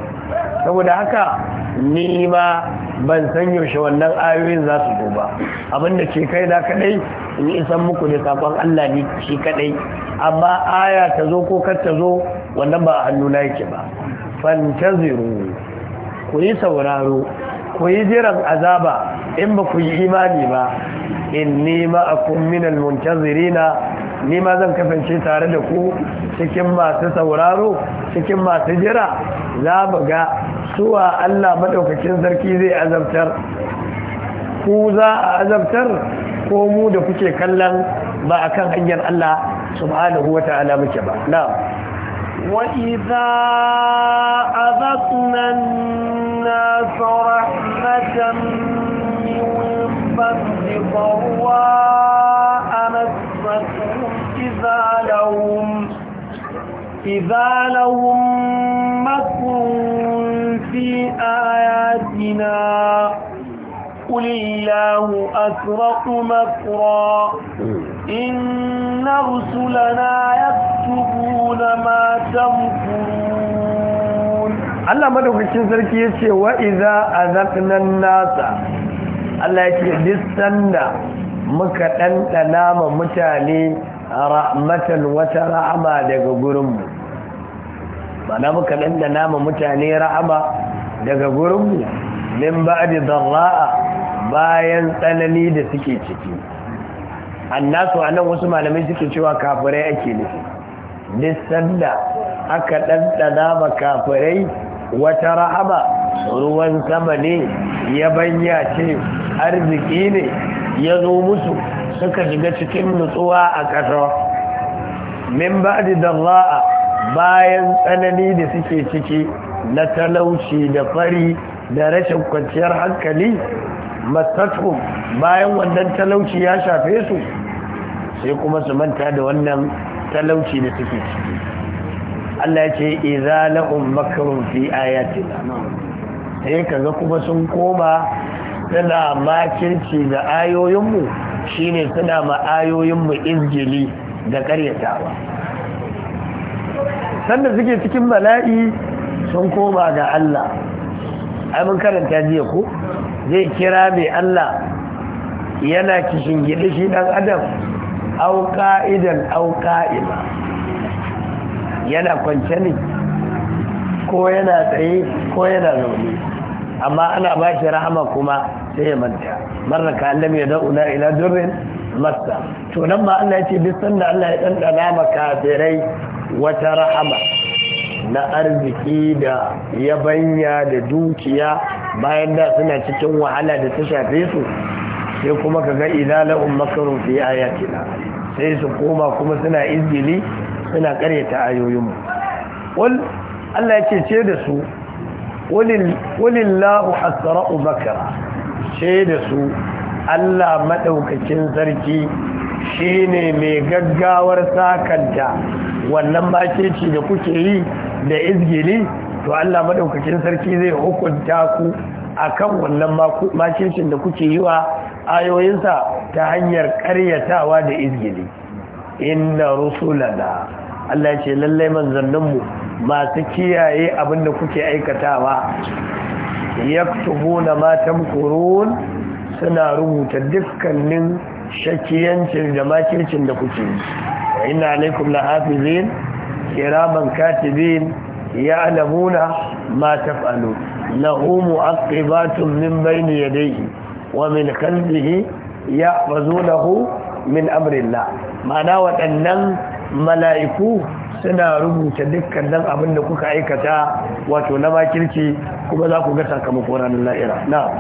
saboda haka ni ma ban san yaushe wannan ayoyin za su zo ba abinda ke kai na kaɗai in isan muku da sakon Allah ne shi kaɗai amma aya ta zo ko kar ta zo wannan ba a hannuna yake ba fantaziru ku yi sauraro ku yi jiran azaba in ba ku yi imani ba in nima a kumminal muntazirina ni nima zan kasance tare da ku cikin masu sauraro cikin masu jira za mu ga suwa Allah maɗaukacin sarki zai azabtar ku za a azabtar ko mu da kuke kallon ba a kan hanyar Allah subhanahu wa ta'ala muke ba na'am وإذا أذقنا الناس رحمة من بعد ضراء مستهم إذا لهم إذا لهم مكر في آياتنا قُلِ اللَّهُ أَسْرَقُ مَكْرًا إِنَّ رُسُلَنَا يَكْتُبُونَ مَا تَمْكُرُونَ Allah madaukakin sarki ya ce wa iza azaknan nasa Allah ya ce distanda muka ɗanɗana ma mutane ra'amatan wata ra'ama daga gurinmu mana muka ɗanɗana ma mutane ra'ama daga gurinmu min ba'adi zarra'a bayan tsanani da suke ciki annasu a nan wasu malamai suke cewa kafirai ake nufi duk sanda aka ɗanɗana ma kafirai wata rahama ruwan sama ne ya banya ce arziki ne ya zo musu suka shiga cikin nutsuwa a ƙasa min ba da ra'a bayan tsanani da suke ciki na talauci da fari da rashin kwanciyar hankali masatkum bayan wannan talauci ya shafe su sai kuma su manta da wannan talauci da suke ciki Allah ya ce idza makrun fi ayatina sai kaga kuma sun koma suna makirci da ayoyinmu shine suna ma ayoyinmu injili da karyatawa sanda suke cikin bala'i sun koma ga Allah ai mun karanta jiya ko zai kira mai Allah yana kishin gilishi shi dan adam au ka'idan au ka'ima yana kwance ne ko yana tsaye ko yana zaune amma ana ba shi rahama kuma sai ya manta marar ka Allah da'una ila durin masa to nan ma Allah ya ce bisan da Allah ya ɗanɗana makafirai wata rahama na arziki da yabanya da dukiya bayan da suna cikin wahala da ta shafe su sai kuma ka ga idalahum makarun fi ayatina sai su koma kuma suna izgili suna karyata ayoyinmu wal Allah yake ce da su walillahu asra'u makara ce da su Allah madaukakin sarki shine mai gaggawar sakanta wannan ba ci da kuke yi da izgili to Allah madaukakin sarki zai hukunta ku akan wannan makincin da kuke yi wa ayoyinsa ta hanyar karyatawa da izgili inna rusulana Allah ce lallai manzanninmu masu kiyaye abinda kuke aikatawa yaktubuna ma tamkurun suna rubuta dukkanin shakiyancin da makircin da kuke yi wa inna alaikum lahafizin kiraman katibin ya alamuna ma taf'alu lahumu aqibatun min bayni yadayhi wa min khalfihi ya'fazunahu min amrillah ma'ana waɗannan mala'iku suna rubuta dukkan dan abin da kuka aikata wato nama kirki kuma za ku ga sakamakon ranar la'ira na'am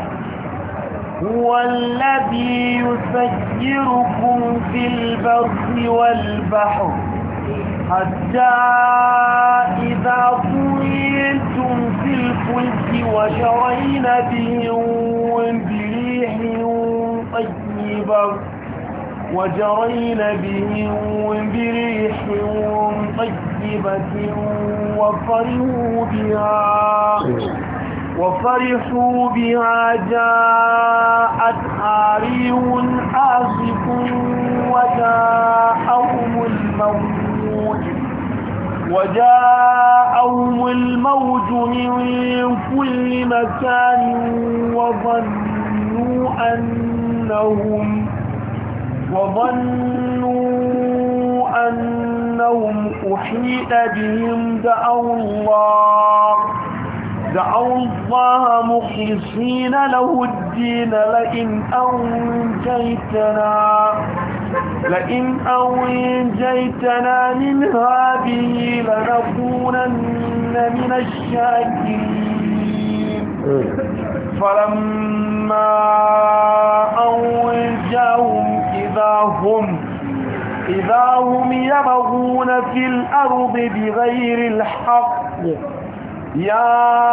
حتى إذا طويتم في الفلك وشرين بهم بريح طيبة وجرين بهم بريح طيبة وفرحوا بها وفرحوا بها جاءتها ريح آسف وجاءهم الموت الموج وجاءهم الموج من كل مكان وظنوا أنهم وظنوا أنهم أحيط بهم دعوا الله دعوا الله مخلصين له الدين لئن أنجيتنا لئن أنجيتنا من هذه لنكونن من الشاكرين فلما أنجاهم إذا هم إذا هم يبغون في الأرض بغير الحق يا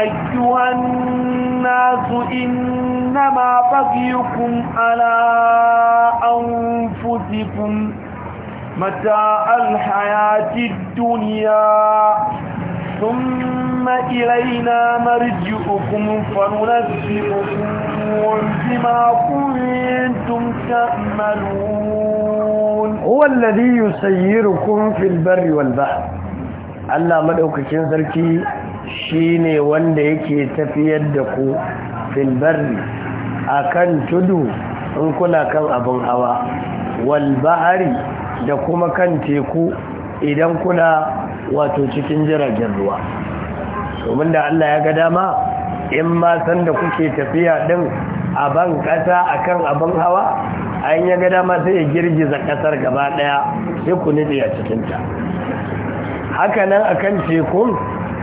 أيها الناس إنما بغيكم على أنفسكم متاع الحياة الدنيا ثم إلينا مرجعكم فننبئكم بما كنتم تعملون هو الذي يسيركم في البر والبحر Allah madaukakin sarki shine wanda yake tafiyar da ku fil barri akan tudu in kuna kan abin hawa wal da kuma kan teku idan kuna wato cikin jiragen ruwa domin da Allah ya ga dama in ma san da kuke tafiya din a ban kasa akan abin hawa an ya ga dama sai ya girgiza ƙasar gaba ɗaya, sai ku nufi a cikinta haka nan a kan tekun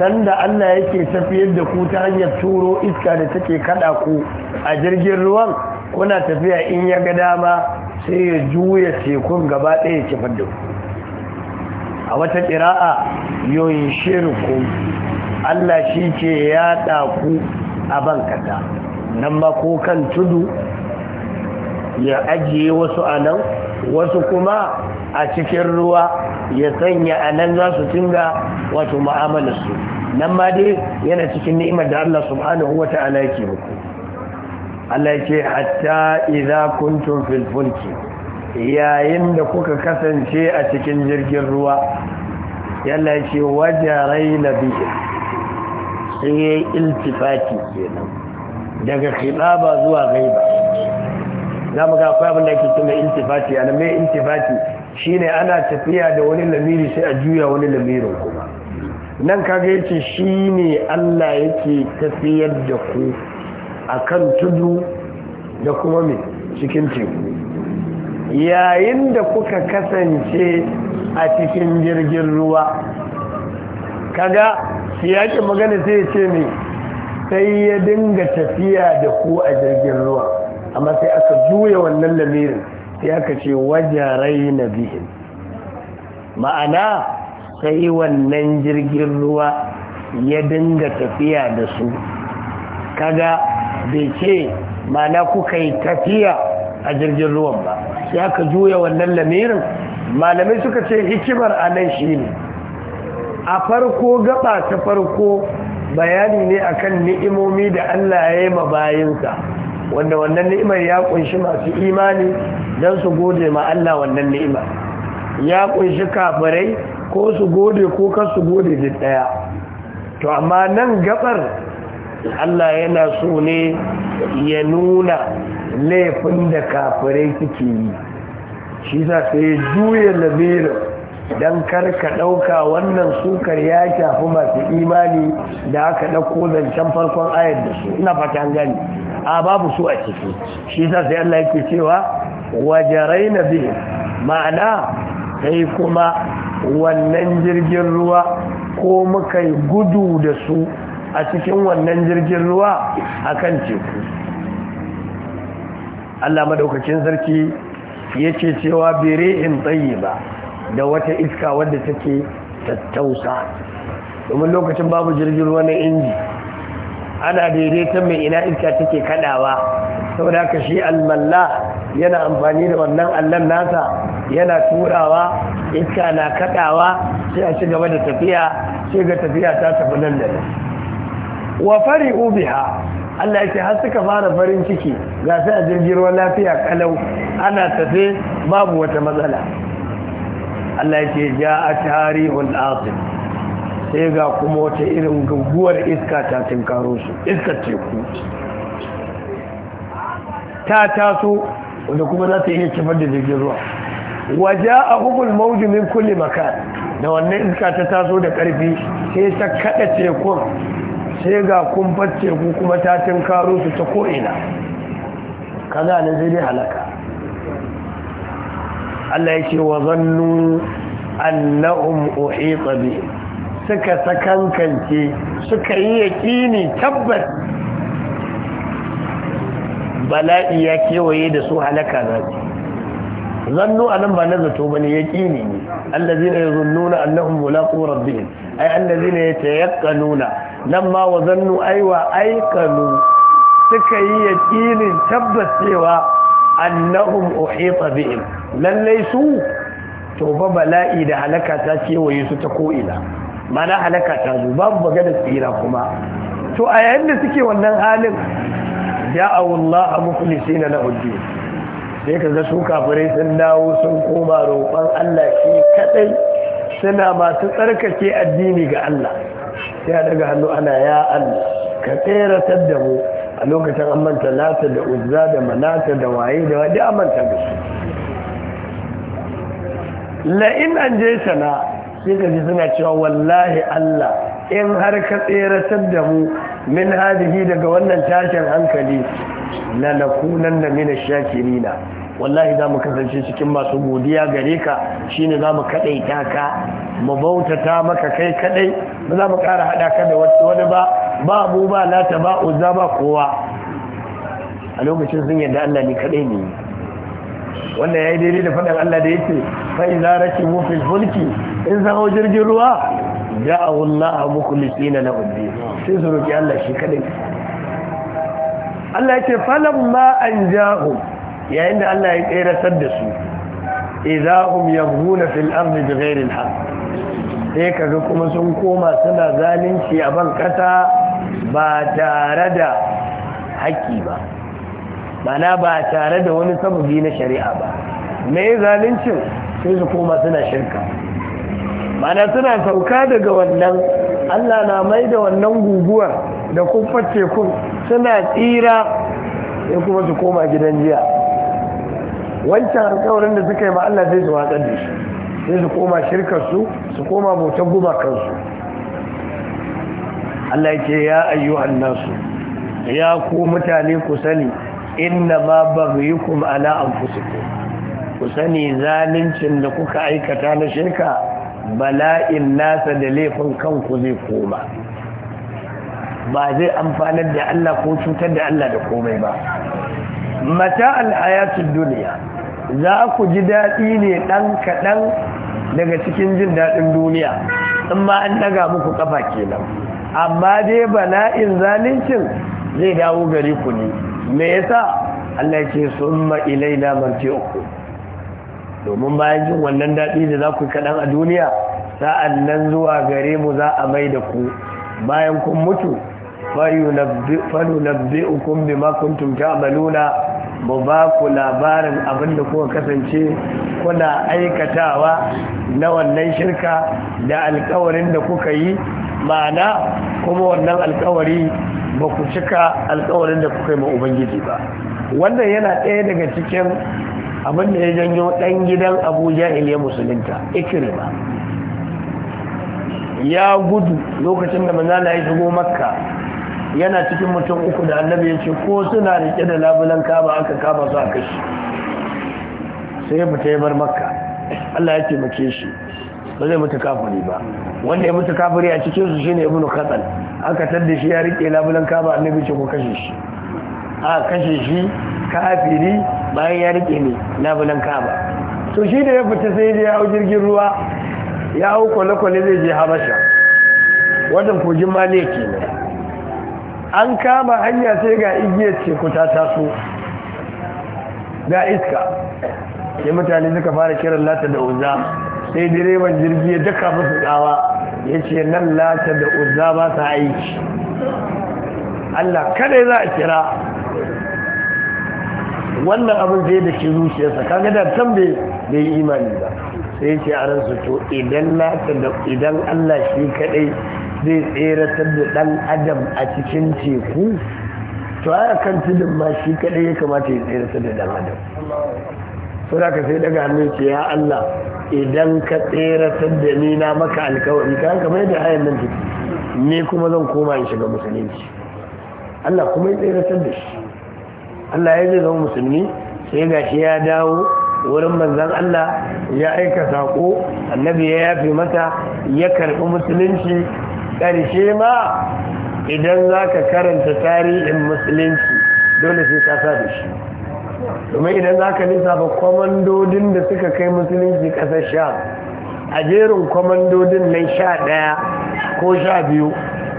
sanda Allah yake tafiyar da ku ta hanyar turo iska da take kada ku a jirgin ruwan kuna tafiya in ya ga dama sai ya juya tekun gaba ɗaya ke fadda ku a wata ƙira'a yoyin ku Allah shi ke yaɗa ku a bankata nan ma ko kan tudu ya ajiye wasu a nan wasu kuma a cikin ruwa ya sanya a nan za su tinga wato mu'amalarsu nan ma dai yana cikin ni'imar da Allah subhanahu wa ta'ala yake muku Allah ce hatta idza kuntum fil fulki yayin da kuka kasance a cikin jirgin ruwa yalla ya ce wajaraina bihi sai iltifati kenan daga khilaba zuwa gaiba za mu ga akwai abin da ake intifati a mai intifati shine ana tafiya da wani lamiri sai a juya wani lamirin kuma nan kaga yace shine Allah yake tafiyar da ku akan tudu da kuma mai cikin teku yayin da kuka kasance a cikin jirgin ruwa kaga yake magana sai ce ne sai ya dinga tafiya da ku a jirgin ruwa amma sai aka juya wannan lamirin sai aka ce wajarai na bihin ma'ana sai wannan jirgin ruwa ya dinga tafiya da su kaga bai ce ma'ana kuka yi tafiya a jirgin ruwan ba sai aka juya wannan lamirin malamai suka ce hikimar a nan shi ne a farko gaba ta farko bayani ne akan ni'imomi da allah ya yi mabayinsa wanda wannan ni'imar ya kunshi masu imani don su gode ma Allah wannan ni'ima ya kunshi kafirai ko su gode ko kar su gode da daya to amma nan gabar Allah yana so ne ya nuna laifin da kafirai suke yi shi za su yi juya labirin don karka ɗauka wannan sukar ya shafi masu imani da aka ɗauko zancen farkon ayar da su ina fata an gani a babu su a ciki shi sa sai Allah yake cewa wajarai na biyu ma'ana sai kuma wannan jirgin ruwa ko muka yi gudu da su a cikin wannan jirgin ruwa a kan teku Allah madaukakin sarki yake cewa bire in tsayi ba da wata iska wadda take tattausa domin lokacin babu jirgin ruwa na inji ana daidaita mai ina iska take kadawa saboda haka shi almalla yana amfani da wannan allon nasa yana turawa iska na kadawa sai a ci gaba da tafiya sai ga tafiya ta tafi nan da nan wa fari ubiha Allah ya ce har suka fara farin ciki ga sai a jirgin ruwa lafiya kalau ana tafe babu wata matsala Allah ya ce ja'at harihun asin, sai ga kuma wata irin guguwar iska ta tinkaro su iska teku ta taso wanda kuma za ta iya kifar da jirgin ruwa waje a hukul maujimin kulle maka da wannan iska ta taso da karfi sai ta kada tekun sai ga kumfar teku kuma ta tinkaro su ta ko'ina kaza na zai halaka Allah ya ce wa zannu annahum uhita bi suka sakankance suka yi yakini tabbas bala'i ya kewaye da su halaka za su zannu anan ba na zato bane yakini ne allazina yazunnuna annahum mulaqu rabbihim ay allazina yatayaqqanuna ma wa zannu aywa aykanu suka yi yakinin tabbas cewa annahum uhita bihim lallai su to ba bala'i da halaka ta kewaye su ta ko'ina mana halaka ta zo babu baga da tsira kuma to a yayin da suke wannan halin ya Allah mukhlisina lahu na din sai kaga su kafirai sun dawo sun koma roƙon Allah shi kadai suna masu tsarkake addini ga Allah sai daga hannu ana ya Allah ka tseratar da mu a lokacin an manta lata da uzza da manata da waye da wadda an manta da su la'in an je sana sai ka ji suna cewa wallahi Allah in har ka tseratar da mu min hadihi daga wannan tashin hankali na nakunan da min shakirina wallahi za mu kasance cikin masu godiya gare ka shine za mu ta ka mu bautata maka kai kaɗai ba za mu ƙara haɗa ka da wani ba ba abu ba lata ba ba kowa a lokacin sun yadda Allah ne kadai ne wannan yi daidai da faɗin Allah da yake fa idza rakibu fil fulki in zama jirgin ruwa a Allah mukhlisina na din sai su roƙi Allah shi kaɗai. Allah yake an anjahu yayin da Allah ya tsirasar da su idahum yabghuna fil ardi bighayri al-haqq sai kaga kuma sun koma suna zalunci a ban kasa ba tare da haƙƙi ba mana ba tare da wani sababi na shari'a ba mai zalincin sai su koma suna shirka mana suna sauka daga wannan allah na mai da wannan guguwar da kumfar tekun suna tsira sai kuma su koma gidan jiya wancan alkawarin da suka yi ma allah sai su watsar da shi sai su koma shirkarsu su koma bautar gumakarsu. Allah ya ce ya ayyuhan nasu ya ku mutane ku sani inna ma baghiyukum ala anfusikum ku sani zalincin da kuka aikata na shirka bala'in nasa da laifin kanku zai koma ba zai amfanar da Allah ko cutar da Allah da komai ba mata al'ayatun duniya za ku ji daɗi ne ɗan kaɗan daga cikin jin daɗin duniya in ma an ɗaga muku ƙafa kenan amma dai bala'in zalincin zai dawo gari ku ne me yasa Allah ce summa ilaina uku domin bayan jin wannan daɗi da za ku kaɗan a duniya sa'an nan zuwa gare mu za a mai da ku bayan kun mutu fanunabbi'ukum bima kuntum ta'maluna mu ba ku labarin abin da kuka kasance kuna aikatawa na wannan shirka da alkawarin da kuka yi ma'ana kuma wannan alkawari ba ku cika alkawarin da kuka yi ma ubangiji ba wannan yana ɗaya daga cikin abin da ya janyo ɗan gidan abuja iliyar musulunta ikirima ya gudu lokacin da manzana ya shigo makka yana cikin mutum uku da annabi ya ce ko suna rike da labulan kaba aka kama su a kashi sai ya fita ya bar makka allah ya taimake shi ba zai mutu kafiri ba wanda ya mutu kafiri a cikin su shine ibnu khatal aka tadda shi ya rike labulan kaba annabi ce ko kashe shi a kashe shi kafiri bayan ya rike ne labulan kaba to shi da ya fita sai ya hau jirgin ruwa ya hau kwale-kwale zai je habasha wadan kogin male kenan an kama hanya sai ga igiyar teku ta taso ga iska Ya mutane suka fara kiran lata da uza sai direban jirgi ya daka masu tsawa ya ce nan lata da uzza ba ta aiki Allah kada za a kira wannan abin zai da shi zuciyarsa kaga da tambe bai yi imani ba sai ce a ransu to idan lata da idan Allah shi kadai zai tseratar da dan adam a cikin teku to a kan tudun ma shi kadai ya kamata ya tseratar da dan adam ka sai daga hannu ce ya Allah idan ka tsere da ni na maka alkawari ka mai da hayan nan ne kuma zan koma in shiga musulunci Allah kuma ya ta da shi Allah ya zai zama musulmi sai ga shi ya dawo wurin manzan Allah ya aika sako annabi ya yafi mata ya karɓi musulunci ƙarshe ma idan za ka karanta tarihin musulunci dole sai ka sa da shi domin idan za ka lissafa kwamandodin da suka kai musulunci kasar sha a jerin kwamandodin nan sha daya ko sha biyu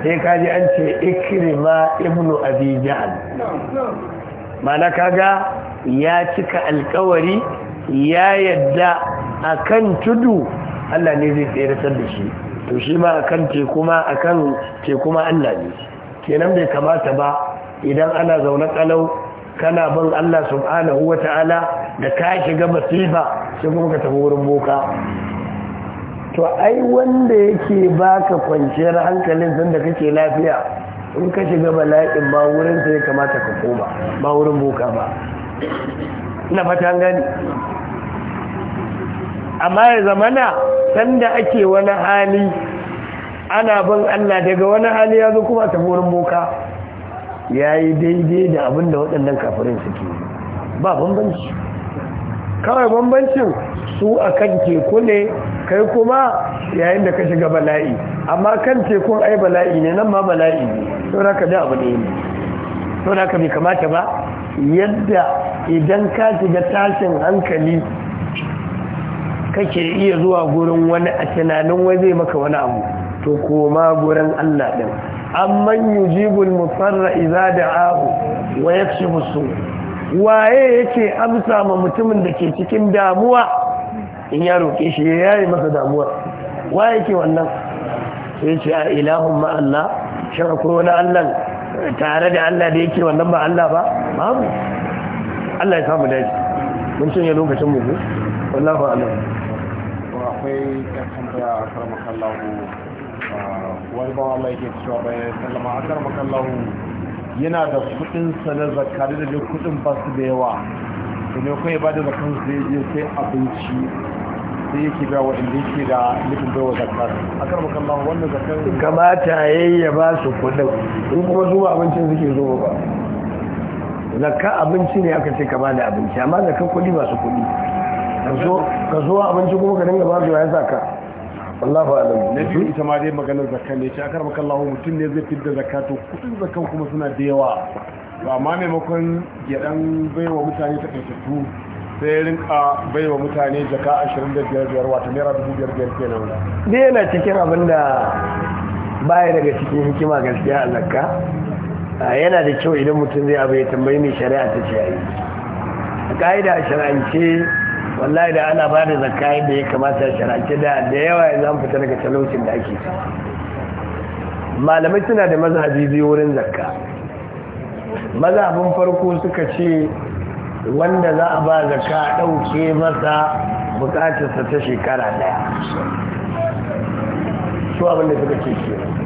sai kaji an ce ikirima ibnu abijan. ja'al mana kaga ya cika alkawari ya yadda a kan tudu Allah ne zai tseratar da shi to shi ma a kan kuma a kan kuma Allah ne kenan bai kamata ba idan ana zaune kalau kana bin Allah subhanahu wa ta'ala da ka shiga masifa sai kuma ka tafi wurin boka to ai wanda yake baka kwanciyar hankalin sun da kake lafiya in ka shiga bala'in ba wurin sai kamata ka koma ba wurin boka ba na fata gani amma ya zamana sanda ake wani hali ana bin Allah daga wani hali ya zo kuma tafi wurin boka ya yi daidai da abin da waɗannan kafirin suke ba bambanci kawai bambancin su a kan teku ne kai kuma yayin da ka shiga bala'i amma kan tekun ai bala'i ne nan ma bala'i ne saura ka da abu ne sau saura ka bai kamata ba yadda idan ka shiga tashin hankali kake iya zuwa gurin wani a tunanin wai zai maka wani abu to koma gurin allah ɗin amman yujibul mutarra idza da'ahu wa ya ce musu waye yake amsa ma mutumin da ke cikin damuwa in ya roƙe shi ya yayi masa damuwa waye yake wannan sai ce a ilahun ma Allah shirku wani Allah tare da Allah da yake wannan ba Allah ba babu Allah ya samu daji mun cinye lokacin mu wallahu a'lam akwai da tambaya a karamakallahu wani bawa Allah yake cewa bai sallama a karma kallahu yana da kudin na zakari da dai kudin ba su da yawa da ne kuma ya ba da zakan su ya je sai abinci sai yake ga wa'anda yake da nufin wa zakar a karma kallahu wannan zakar kamata yi ya ba su kudin in kuma zuwa abincin suke zo ba zakar abinci ne aka ce ka ba da abinci amma zakar kudi ba su kudi ka zo abinci kuma ka dinga ba su ya zaka Allahu alam na biyu ita ma dai maganar zakka ne ce akar maka Allah mutum ne zai fitar zakka to kudin zakkan kuma suna da yawa to ma maimakon ya dan baiwa mutane ta takaitattu sai ya rinka baiwa mutane zakka 25 wata naira 2500 kenan dai yana cikin abin da baya daga cikin hikima gaskiya a zakka yana da kyau idan mutum zai abu ya tambayi mai shari'a ta ce yayi ka'ida a shari'ance wallahi da ana ba da zakka yadda ya kamata a sharaki da da yawa ya zan fita daga talaucin da ake malamai suna da mazhabi biyu wurin zakka mazhabin farko suka ce wanda za a ba zakka ɗauke masa bukatarsa ta shekara ɗaya su da suka ce kenan